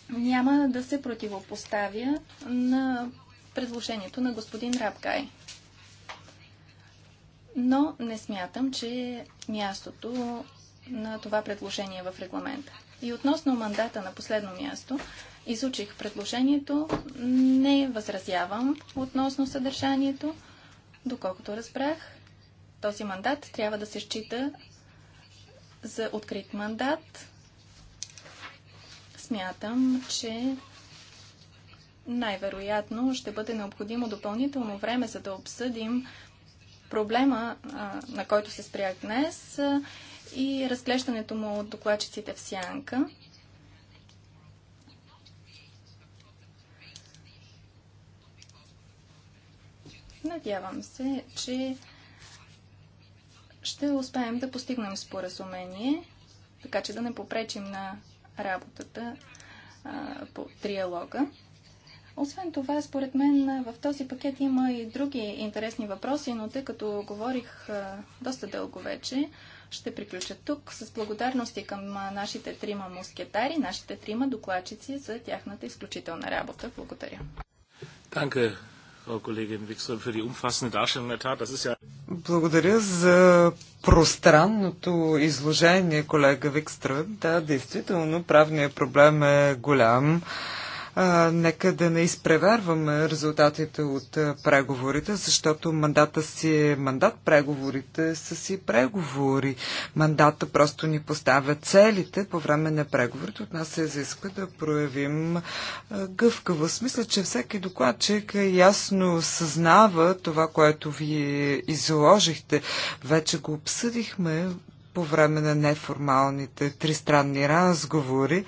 няма да се противопоставя на предложението на господин Рабкай. Но не смятам, че е мястото на това предложение в регламента. И относно мандата на последно място, изучих предложението, не възразявам относно съдържанието. Доколкото разбрах, този мандат трябва да се счита за открит мандат. Смятам, че най-вероятно ще бъде необходимо допълнително време, за да обсъдим проблема, на който се спрях днес и разглеждането му от докладчиците в сянка. Надявам се, че ще успеем да постигнем споразумение, така че да не попречим на работата а, по триалога. Освен това, според мен в този пакет има и други интересни въпроси, но тъй като говорих а, доста дълго вече, ще приключа тук с благодарности към нашите трима мускетари, нашите трима докладчици за тяхната изключителна работа. Благодаря. Танка, благодаря за пространното изложение, колега Викстрън. Да, действително, правният проблем е голям а, нека да не изпреварваме резултатите от а, преговорите, защото мандата си е мандат, преговорите са си преговори. Мандата просто ни поставя целите по време на преговорите. От нас се изисква да проявим а, гъвкавост. Мисля, че всеки докладчик ясно съзнава това, което вие изложихте. Вече го обсъдихме по време на неформалните тристранни разговори.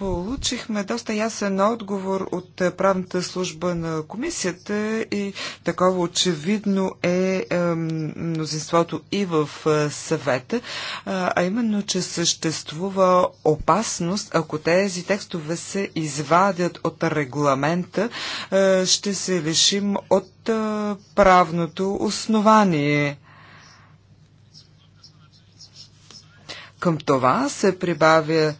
Получихме доста ясен отговор от правната служба на комисията и такова очевидно е, е мнозинството и в е, съвета, а именно, че съществува опасност, ако тези текстове се извадят от регламента, е, ще се лишим от правното основание. Към това се прибавя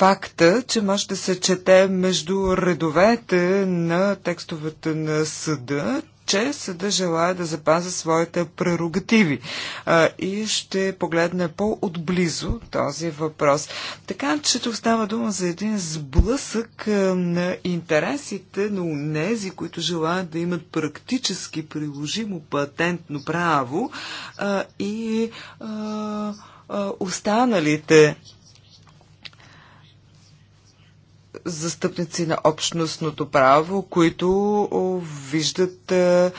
факта, че може да се чете между редовете на текстовете на съда, че съда желая да запази своите прерогативи а, и ще погледне по-отблизо този въпрос. Така че тук става дума за един сблъсък а, на интересите на унези, които желаят да имат практически приложимо патентно право а, и а, а, останалите застъпници на общностното право, които виждат е, е,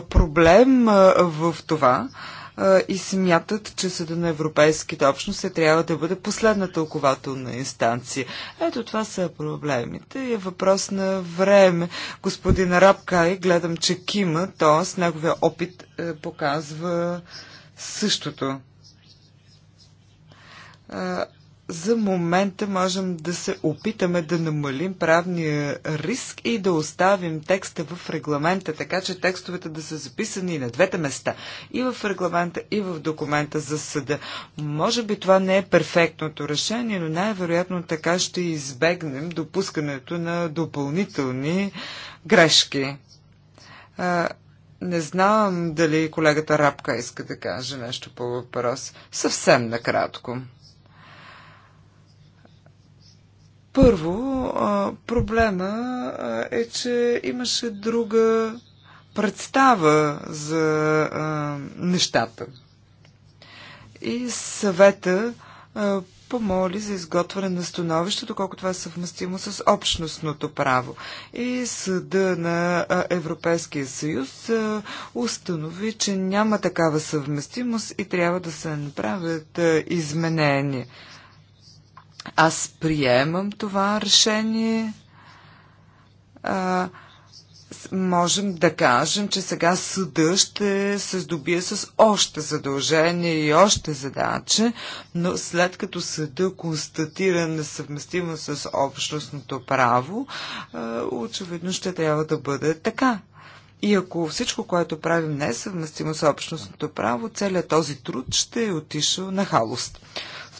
проблем е, в това и смятат, че Съда на Европейските общности трябва да бъде последна тълкователна инстанция. Ето това са проблемите и е въпрос на време. Господин Рабкай, гледам, че кима, т.е. неговия опит показва същото за момента можем да се опитаме да намалим правния риск и да оставим текста в регламента, така че текстовете да са записани на двете места. И в регламента, и в документа за съда. Може би това не е перфектното решение, но най-вероятно така ще избегнем допускането на допълнителни грешки. Не знам дали колегата Рапка иска да каже нещо по въпрос. Съвсем накратко. Първо, проблема е, че имаше друга представа за а, нещата. И съвета а, помоли за изготвяне на становище, доколко това е съвместимо с общностното право. И съда на Европейския съюз а, установи, че няма такава съвместимост и трябва да се направят а, изменения. Аз приемам това решение. А, можем да кажем, че сега съда ще се здобие с още задължения и още задачи, но след като съда констатира несъвместимо с общностното право, очевидно ще трябва да бъде така. И ако всичко, което правим не е съвместимо с общностното право, целият този труд ще е отишъл на халост.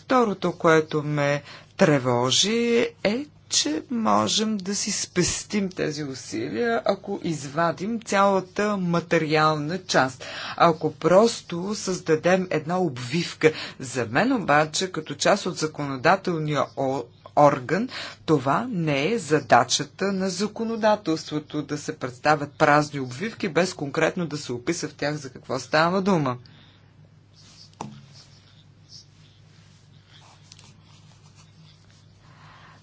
Второто, което ме тревожи е, че можем да си спестим тези усилия, ако извадим цялата материална част. Ако просто създадем една обвивка. За мен обаче, като част от законодателния орган, това не е задачата на законодателството да се представят празни обвивки, без конкретно да се описа в тях за какво става дума.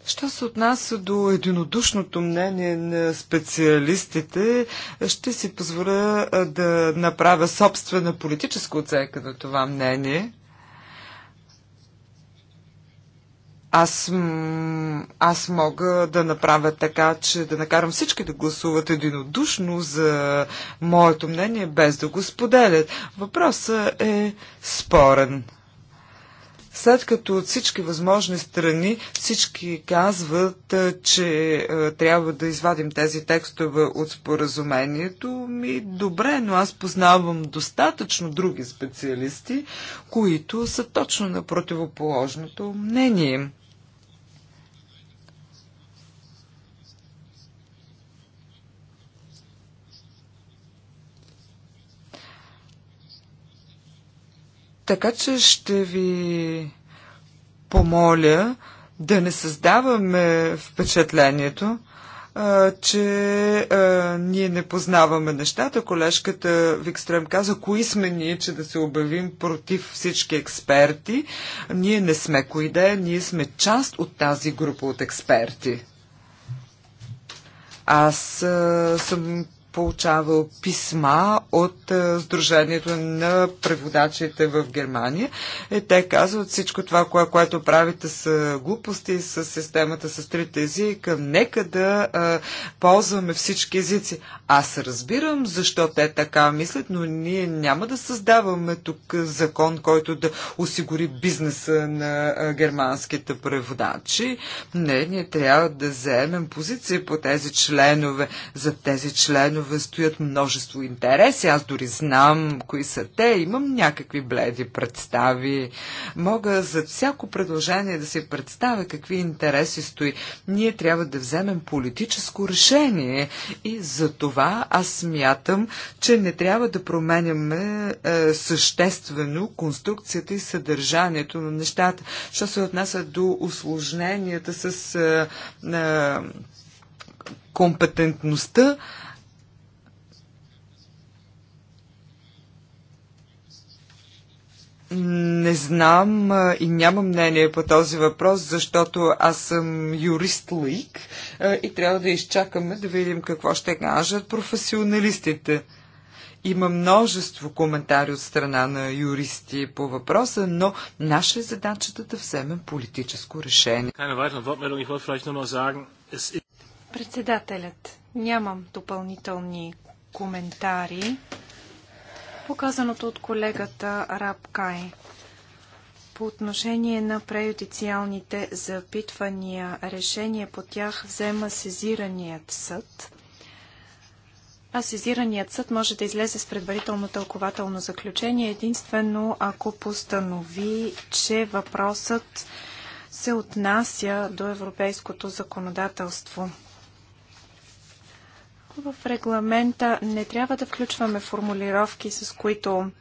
Що се отнася до единодушното мнение на специалистите, ще си позволя да направя собствена политическа оценка на това мнение. Аз, аз мога да направя така, че да накарам всички да гласуват единодушно за моето мнение, без да го споделят. Въпросът е спорен. След като от всички възможни страни всички казват, че трябва да извадим тези текстове от споразумението, ми добре, но аз познавам достатъчно други специалисти, които са точно на противоположното мнение. Така че ще ви помоля да не създаваме впечатлението, а, че а, ние не познаваме нещата. Колежката Викстрем каза, кои сме ние, че да се обявим против всички експерти. Ние не сме кои да е, ние сме част от тази група от експерти. Аз а, съм получавал писма от е, Сдружението на преводачите в Германия. Е, те казват всичко това, кое, което правите с глупости, с системата с трите езика. Нека да а, е, ползваме всички езици. Аз разбирам защо те така мислят, но ние няма да създаваме тук закон, който да осигури бизнеса на е, германските преводачи. Не, ние трябва да вземем позиция по тези членове. За тези членове текстове стоят множество интереси. Аз дори знам кои са те. Имам някакви бледи представи. Мога за всяко предложение да си представя какви интереси стои. Ние трябва да вземем политическо решение. И за това аз смятам, че не трябва да променяме е, съществено конструкцията и съдържанието на нещата. Що се отнася до осложненията с е, е, компетентността, Не знам и нямам мнение по този въпрос, защото аз съм юрист-лик и трябва да изчакаме да видим какво ще кажат професионалистите. Има множество коментари от страна на юристи по въпроса, но наша е задачата да вземем политическо решение. Председателят, нямам допълнителни коментари показаното от колегата Кай. по отношение на преюдициалните запитвания, решение по тях взема сезираният съд, а сезираният съд може да излезе с предварително тълкователно заключение единствено ако постанови, че въпросът се отнася до европейското законодателство. В регламента не трябва да включваме формулировки, с които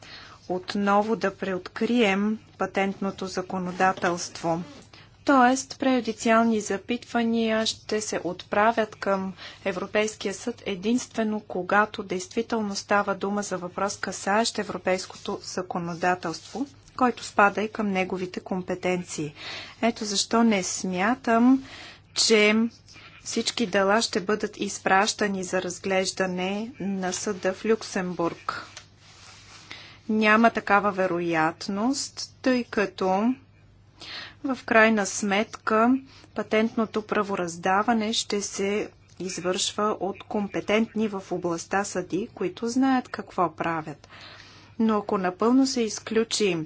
отново да преоткрием патентното законодателство. Тоест, преюдициални запитвания ще се отправят към Европейския съд единствено когато действително става дума за въпрос касаещ европейското законодателство, който спада и към неговите компетенции. Ето защо не смятам, че всички дела ще бъдат изпращани за разглеждане на съда в Люксембург. Няма такава вероятност, тъй като в крайна сметка патентното правораздаване ще се извършва от компетентни в областта съди, които знаят какво правят но ако напълно се изключи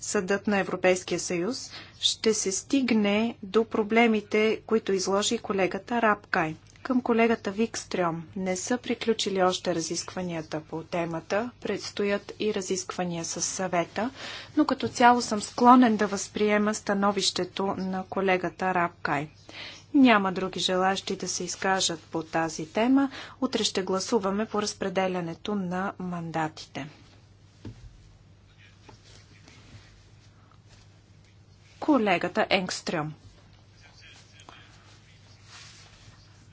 Съдът на Европейския съюз, ще се стигне до проблемите, които изложи колегата Рапкай. Към колегата Викстрем не са приключили още разискванията по темата, предстоят и разисквания с съвета, но като цяло съм склонен да възприема становището на колегата Рапкай. Няма други желащи да се изкажат по тази тема. Утре ще гласуваме по разпределянето на мандатите. колегата Енгстрем.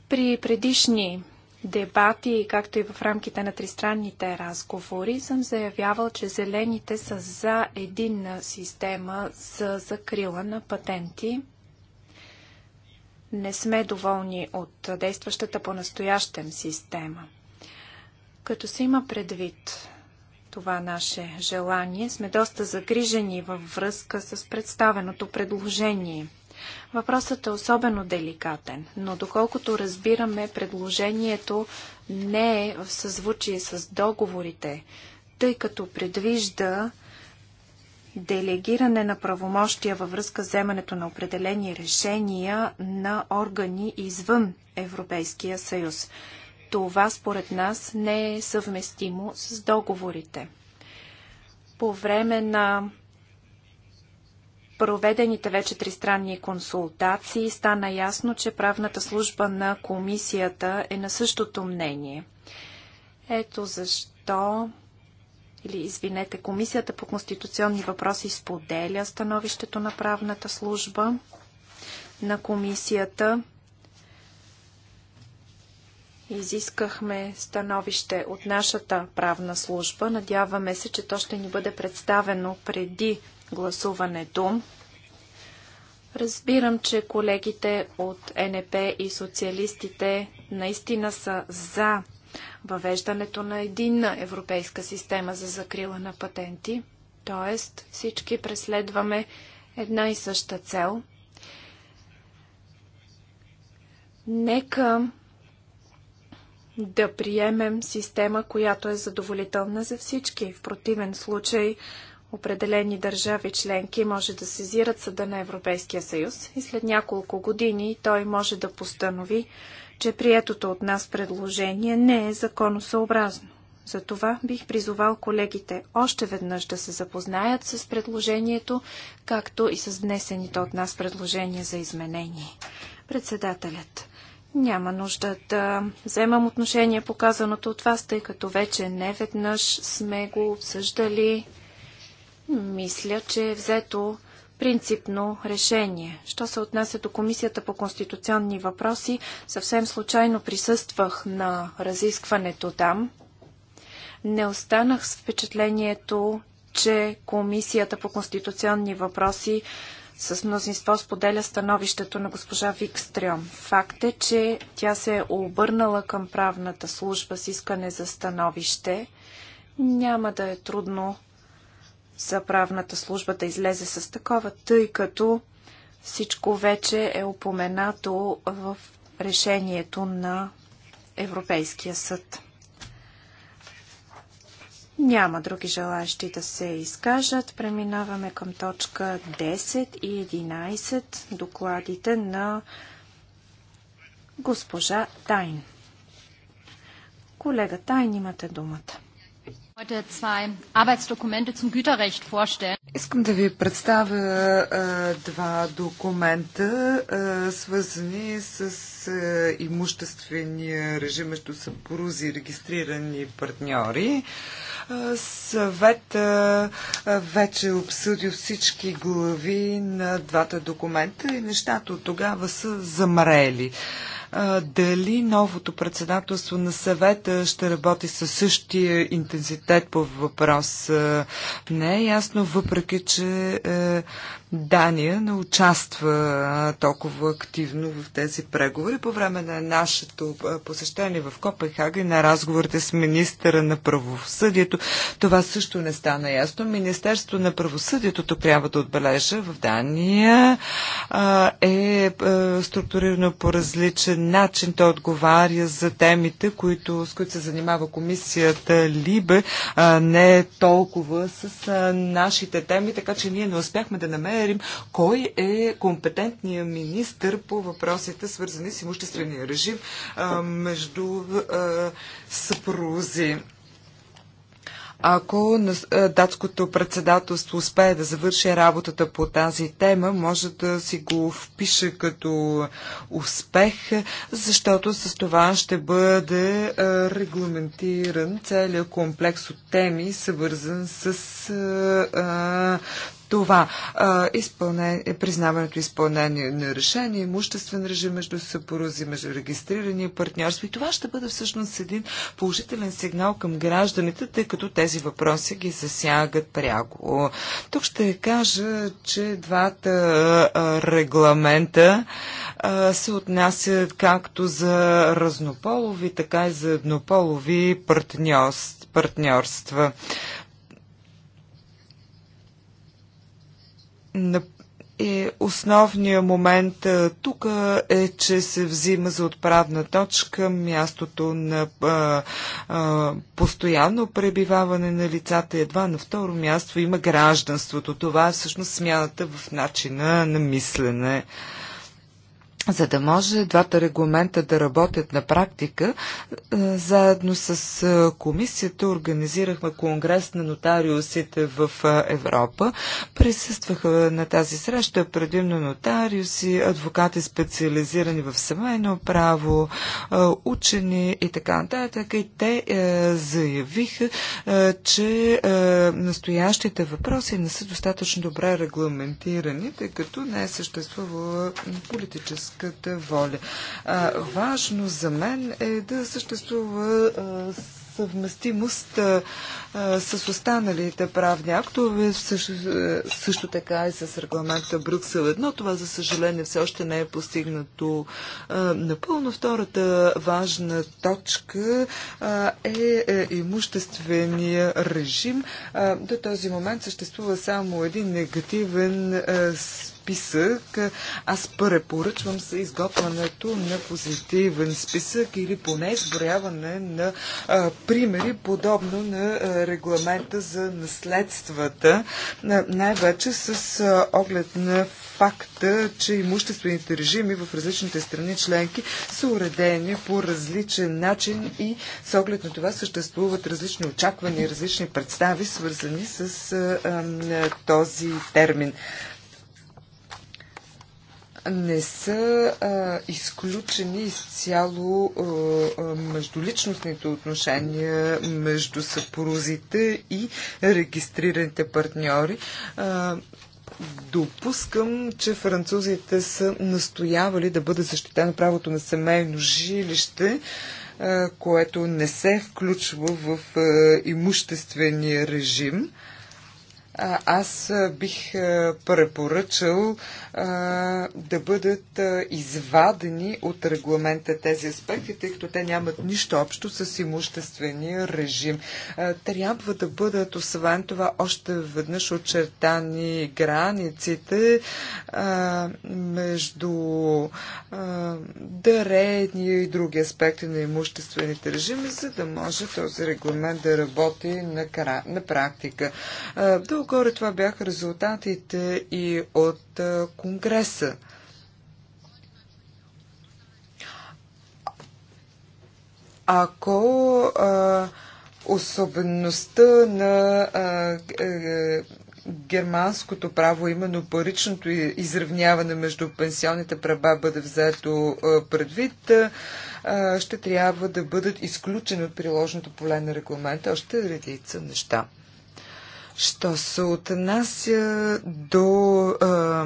При предишни дебати, както и в рамките на тристранните разговори, съм заявявал, че зелените са за единна система за закрила на патенти. Не сме доволни от действащата по-настоящем система. Като се има предвид това наше желание. Сме доста загрижени във връзка с представеното предложение. Въпросът е особено деликатен, но доколкото разбираме, предложението не е в съзвучие с договорите, тъй като предвижда делегиране на правомощия във връзка с вземането на определени решения на органи извън Европейския съюз. Това според нас не е съвместимо с договорите. По време на проведените вече тристранни консултации стана ясно, че правната служба на комисията е на същото мнение. Ето защо или извинете, Комисията по конституционни въпроси споделя становището на правната служба на комисията. Изискахме становище от нашата правна служба. Надяваме се, че то ще ни бъде представено преди гласуването. Разбирам, че колегите от НП и социалистите наистина са за въвеждането на единна европейска система за закрила на патенти, т.е. всички преследваме една и съща цел. Нека да приемем система, която е задоволителна за всички. В противен случай определени държави членки може да сезират съда на Европейския съюз и след няколко години той може да постанови, че приетото от нас предложение не е законосъобразно. Затова бих призовал колегите още веднъж да се запознаят с предложението, както и с внесените от нас предложения за изменение. Председателят. Няма нужда да вземам отношение по казаното от вас, тъй като вече не веднъж сме го обсъждали. Мисля, че е взето принципно решение. Що се отнася до Комисията по конституционни въпроси, съвсем случайно присъствах на разискването там. Не останах с впечатлението, че Комисията по конституционни въпроси с мнозинство споделя становището на госпожа Викстрем. Факт е, че тя се е обърнала към правната служба с искане за становище. Няма да е трудно за правната служба да излезе с такова, тъй като всичко вече е упоменато в решението на Европейския съд. Няма други желаящи да се изкажат. Преминаваме към точка 10 и 11, докладите на госпожа Тайн. Колега Тайн, имате думата. Искам да ви представя а, два документа, а, свързани с а, имуществения режим между съпрузи и регистрирани партньори. А, Съвет вече обсъдил всички глави на двата документа и нещата от тогава са замрели дали новото председателство на съвета ще работи със същия интензитет по въпрос. Не е ясно, въпреки че е, Дания не участва толкова активно в тези преговори. По време на нашето посещение в Копенхаген на разговорите с министъра на правосъдието, това също не стана ясно. Министерство на правосъдието, трябва да отбележа, в Дания е, е структурирано по различен различен начин той отговаря за темите, които, с които се занимава комисията Либе, а не толкова с а, нашите теми, така че ние не успяхме да намерим кой е компетентният министр по въпросите, свързани с имуществения режим а, между а, съпрузи. Ако датското председателство успее да завърши работата по тази тема, може да си го впише като успех, защото с това ще бъде регламентиран целият комплекс от теми, съвързан с това а, изпълнение, признаването изпълнение на решение, имуществен режим между съпорузи, между регистрирани партньорства. И това ще бъде всъщност един положителен сигнал към гражданите, тъй като тези въпроси ги засягат пряко. Тук ще кажа, че двата а, регламента а, се отнасят както за разнополови, така и за еднополови партньорства. на е, основният момент тук е, че се взима за отправна точка мястото на а, а, постоянно пребиваване на лицата. Едва на второ място има гражданството. Това е всъщност смяната в начина на мислене. А, за да може двата регламента да работят на практика, е, заедно с е, комисията организирахме конгрес на нотариусите в е, Европа. Присъстваха на тази среща предимно нотариуси, адвокати специализирани в семейно право, учени и така нататък. И те заявиха, че настоящите въпроси не са достатъчно добре регламентирани, тъй като не е съществувала политическа политическата воля. А, важно за мен е да съществува а, съвместимост а, с останалите правни актове, също, също така и с регламента Брюксел 1. Това, за съжаление, все още не е постигнато а, напълно. Втората важна точка а, е, е имуществения режим. До този момент съществува само един негативен а, списък, аз препоръчвам се изготвянето на позитивен списък или поне изброяване на а, примери, подобно на а, регламента за наследствата, на, най-вече с а, оглед на факта, че имуществените режими в различните страни членки са уредени по различен начин и с оглед на това съществуват различни очаквания, различни представи, свързани с а, а, този термин не са а, изключени изцяло а, междуличностните отношения между съпрузите и регистрираните партньори. А, Допускам, че французите са настоявали да бъде защитено правото на семейно жилище, което не се включва в имуществения режим аз бих препоръчал да бъдат извадени от регламента тези аспекти, тъй като те нямат нищо общо с имуществения режим. Трябва да бъдат, освен това, още веднъж очертани границите между дарения и други аспекти на имуществените режими, за да може този регламент да работи на, практика. Дълго Горе това бяха резултатите и от Конгреса. Ако а, особеността на а, е, германското право, именно паричното изравняване между пенсионните права бъде взето предвид, ще трябва да бъдат изключени от приложното поле на регламента още редица неща. Що се отнася до а,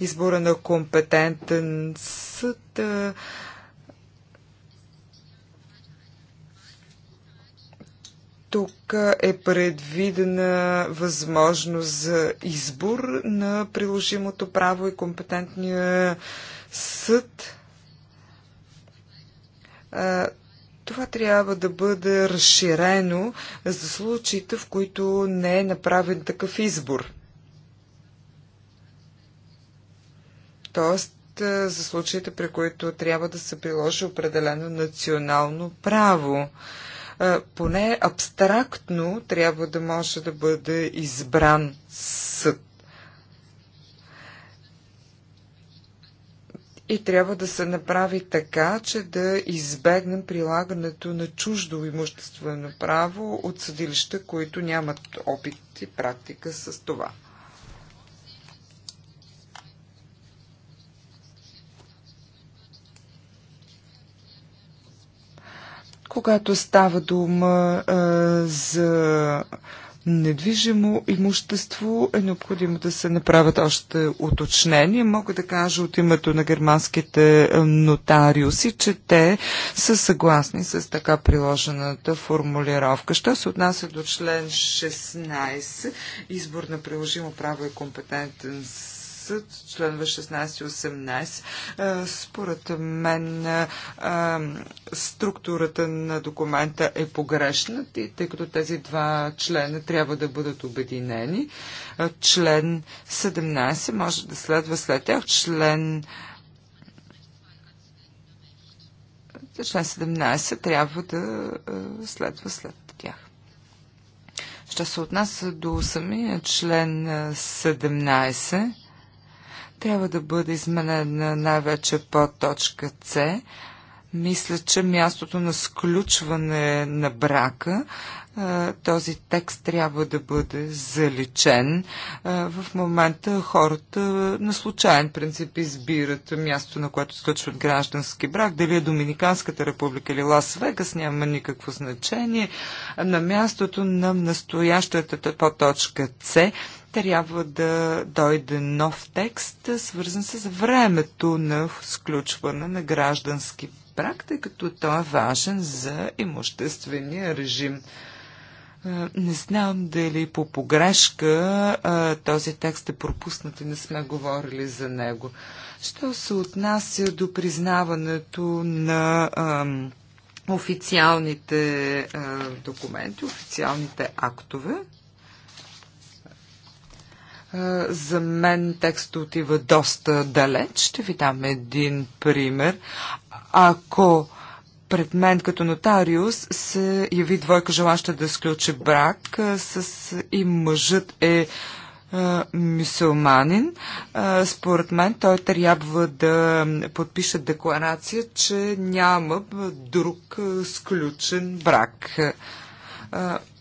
избора на компетентен съд, а, тук е предвидена възможност за избор на приложимото право и компетентния съд. А, това трябва да бъде разширено за случаите, в които не е направен такъв избор. Тоест, е, за случаите, при които трябва да се приложи определено национално право. Е, поне абстрактно трябва да може да бъде избран съд. и трябва да се направи така, че да избегнем прилагането на чуждо имуществено право от съдилища, които нямат опит и практика с това. Когато става дума а, за недвижимо имущество е необходимо да се направят още уточнения. Мога да кажа от името на германските е, нотариуси, че те са съгласни с така приложената формулировка. Що се отнася до член 16, избор на приложимо право и е компетентен са членове 16 и 18. Е, според мен е, е, структурата на документа е погрешна, тъй като тези два члена трябва да бъдат обединени. Член 17 може да следва след тях. Член член 17 трябва да следва след тях. Ще се отнася до самия член 17, трябва да бъде изменена най-вече по точка С. Мисля, че мястото на сключване на брака, този текст трябва да бъде заличен. В момента хората на случайен принцип избират място, на което сключват граждански брак. Дали е Доминиканската република или Лас Вегас, няма никакво значение. На мястото на настоящата по точка С трябва да дойде нов текст, свързан с времето на сключване на граждански брак, тъй като той е важен за имуществения режим. Е, не знам дали по погрешка е, този текст е пропуснат и не сме говорили за него. Що се отнася до признаването на официалните е, документи, официалните актове, за мен текстът отива доста далеч. Ще ви дам един пример. Ако пред мен като нотариус се яви двойка желаща да сключи брак с, и мъжът е мюсюлманин, според мен той трябва да подпише декларация, че няма друг сключен брак.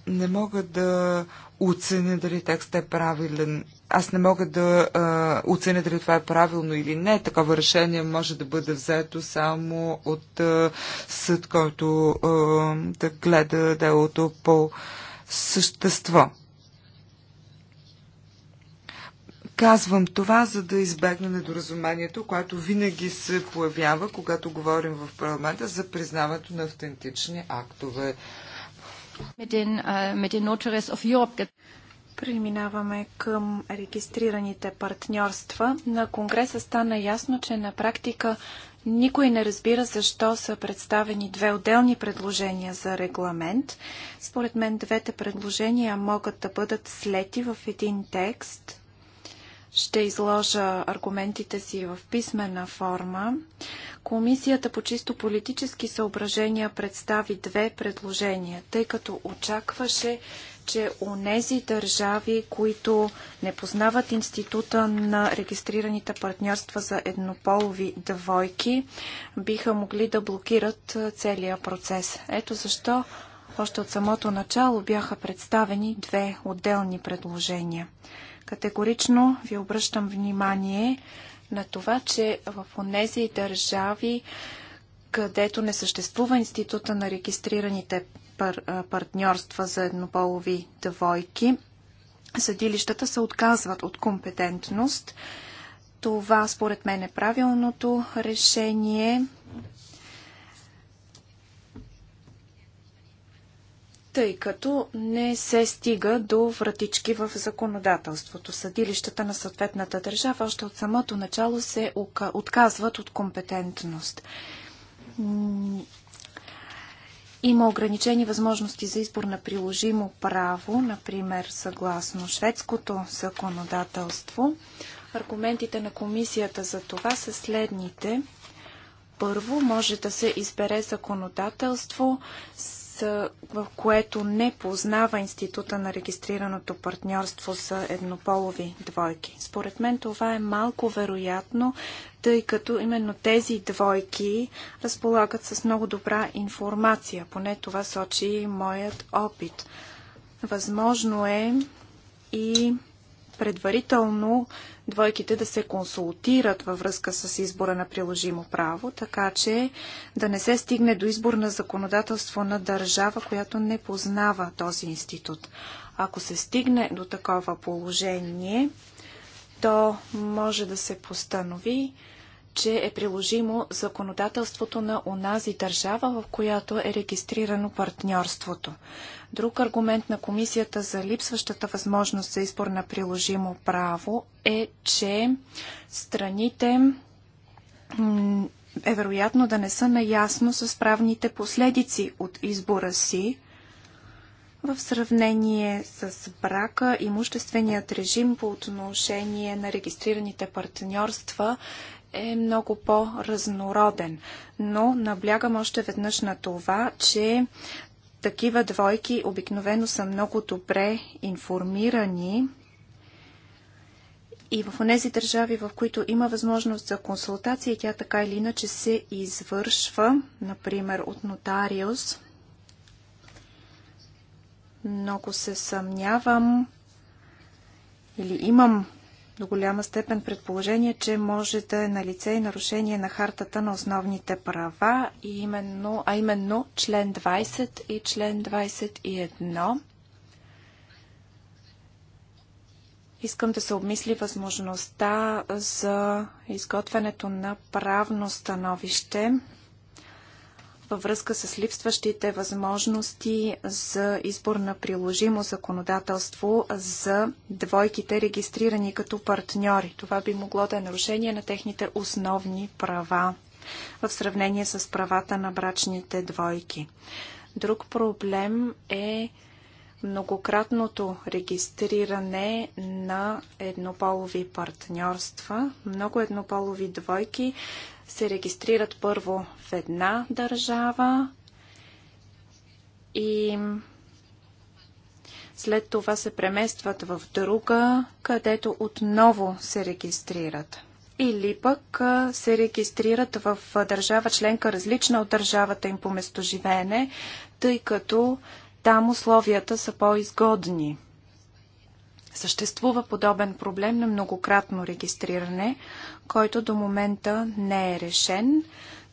Не мога да оценя дали текстът е правилен аз не мога да а, оценя дали това е правилно или не. Такова решение може да бъде взето само от а, съд, който а, да гледа делото по същество. Казвам това, за да избегна недоразумението, което винаги се появява, когато говорим в парламента за признаването на автентични актове. den, uh, den Преминаваме към регистрираните партньорства. На Конгреса стана ясно, че на практика никой не разбира защо са представени две отделни предложения за регламент. Според мен двете предложения могат да бъдат слети в един текст. Ще изложа аргументите си в писмена форма. Комисията по чисто политически съображения представи две предложения, тъй като очакваше че онези държави, които не познават института на регистрираните партньорства за еднополови двойки, биха могли да блокират целия процес. Ето защо още от самото начало бяха представени две отделни предложения. Категорично ви обръщам внимание на това, че в онези държави, където не съществува института на регистрираните пар, партньорства за еднополови двойки, съдилищата се отказват от компетентност. Това според мен е правилното решение. тъй като не се стига до вратички в законодателството. Съдилищата на съответната държава още от самото начало се отказват от компетентност. Има ограничени възможности за избор на приложимо право, например съгласно шведското законодателство. Аргументите на комисията за това са следните. Първо, може да се избере законодателство, в което не познава института на регистрираното партньорство за еднополови двойки. Според мен това е малко вероятно, тъй като именно тези двойки разполагат с много добра информация. Поне това сочи моят опит. Възможно е и предварително двойките да се консултират във връзка с избора на приложимо право, така че да не се стигне до избор на законодателство на държава, която не познава този институт. Ако се стигне до такова положение, то може да се постанови, че е приложимо законодателството на онази държава, в която е регистрирано партньорството. Друг аргумент на комисията за липсващата възможност за избор на приложимо право е, че страните е вероятно да не са наясно с правните последици от избора си, в сравнение с брака, имущественият режим по отношение на регистрираните партньорства е много по-разнороден, но наблягам още веднъж на това, че такива двойки обикновено са много добре информирани и в тези държави, в които има възможност за консултация, тя така или иначе се извършва, например от нотариус. Много се съмнявам или имам до голяма степен предположение, че може да е на лице и нарушение на хартата на основните права, и именно, а именно член 20 и член 21. Искам да се обмисли възможността за изготвянето на правно становище във връзка с липстващите възможности за избор на приложимо законодателство за двойките регистрирани като партньори. Това би могло да е нарушение на техните основни права в сравнение с правата на брачните двойки. Друг проблем е многократното регистриране на еднополови партньорства. Много еднополови двойки се регистрират първо в една държава и след това се преместват в друга, където отново се регистрират. Или пък се регистрират в държава членка различна от държавата им по местоживеене, тъй като там условията са по-изгодни. Съществува подобен проблем на многократно регистриране, който до момента не е решен.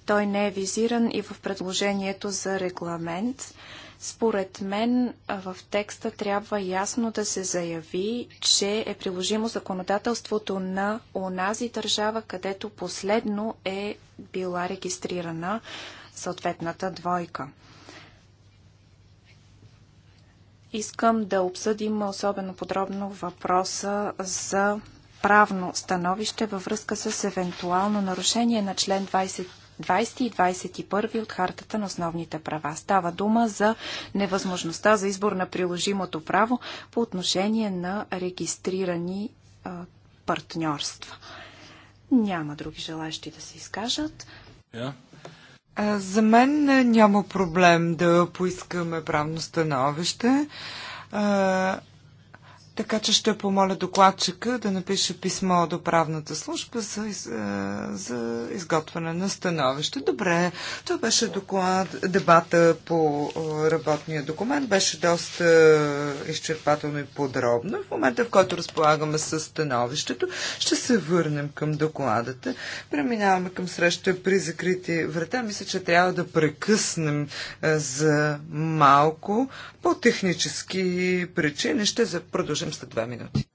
Той не е визиран и в предложението за регламент. Според мен в текста трябва ясно да се заяви, че е приложимо законодателството на онази държава, където последно е била регистрирана съответната двойка. Искам да обсъдим особено подробно въпроса за правно становище във връзка с евентуално нарушение на член 20 20 и 21 от Хартата на основните права. Става дума за невъзможността за избор на приложимото право по отношение на регистрирани а, партньорства. Няма други желащи да се изкажат. Yeah. За мен няма проблем да поискаме правно становище. Така че ще помоля докладчика да напише писмо до правната служба за, е, за изготвяне на становище. Добре, това беше доклад, дебата по е, работния документ. Беше доста е, изчерпателно и подробно. В момента, в който разполагаме с становището, ще се върнем към докладата. Преминаваме към среща при закрити врата. Мисля, че трябва да прекъснем за малко. По технически причини ще продължим продължим след 2 минути.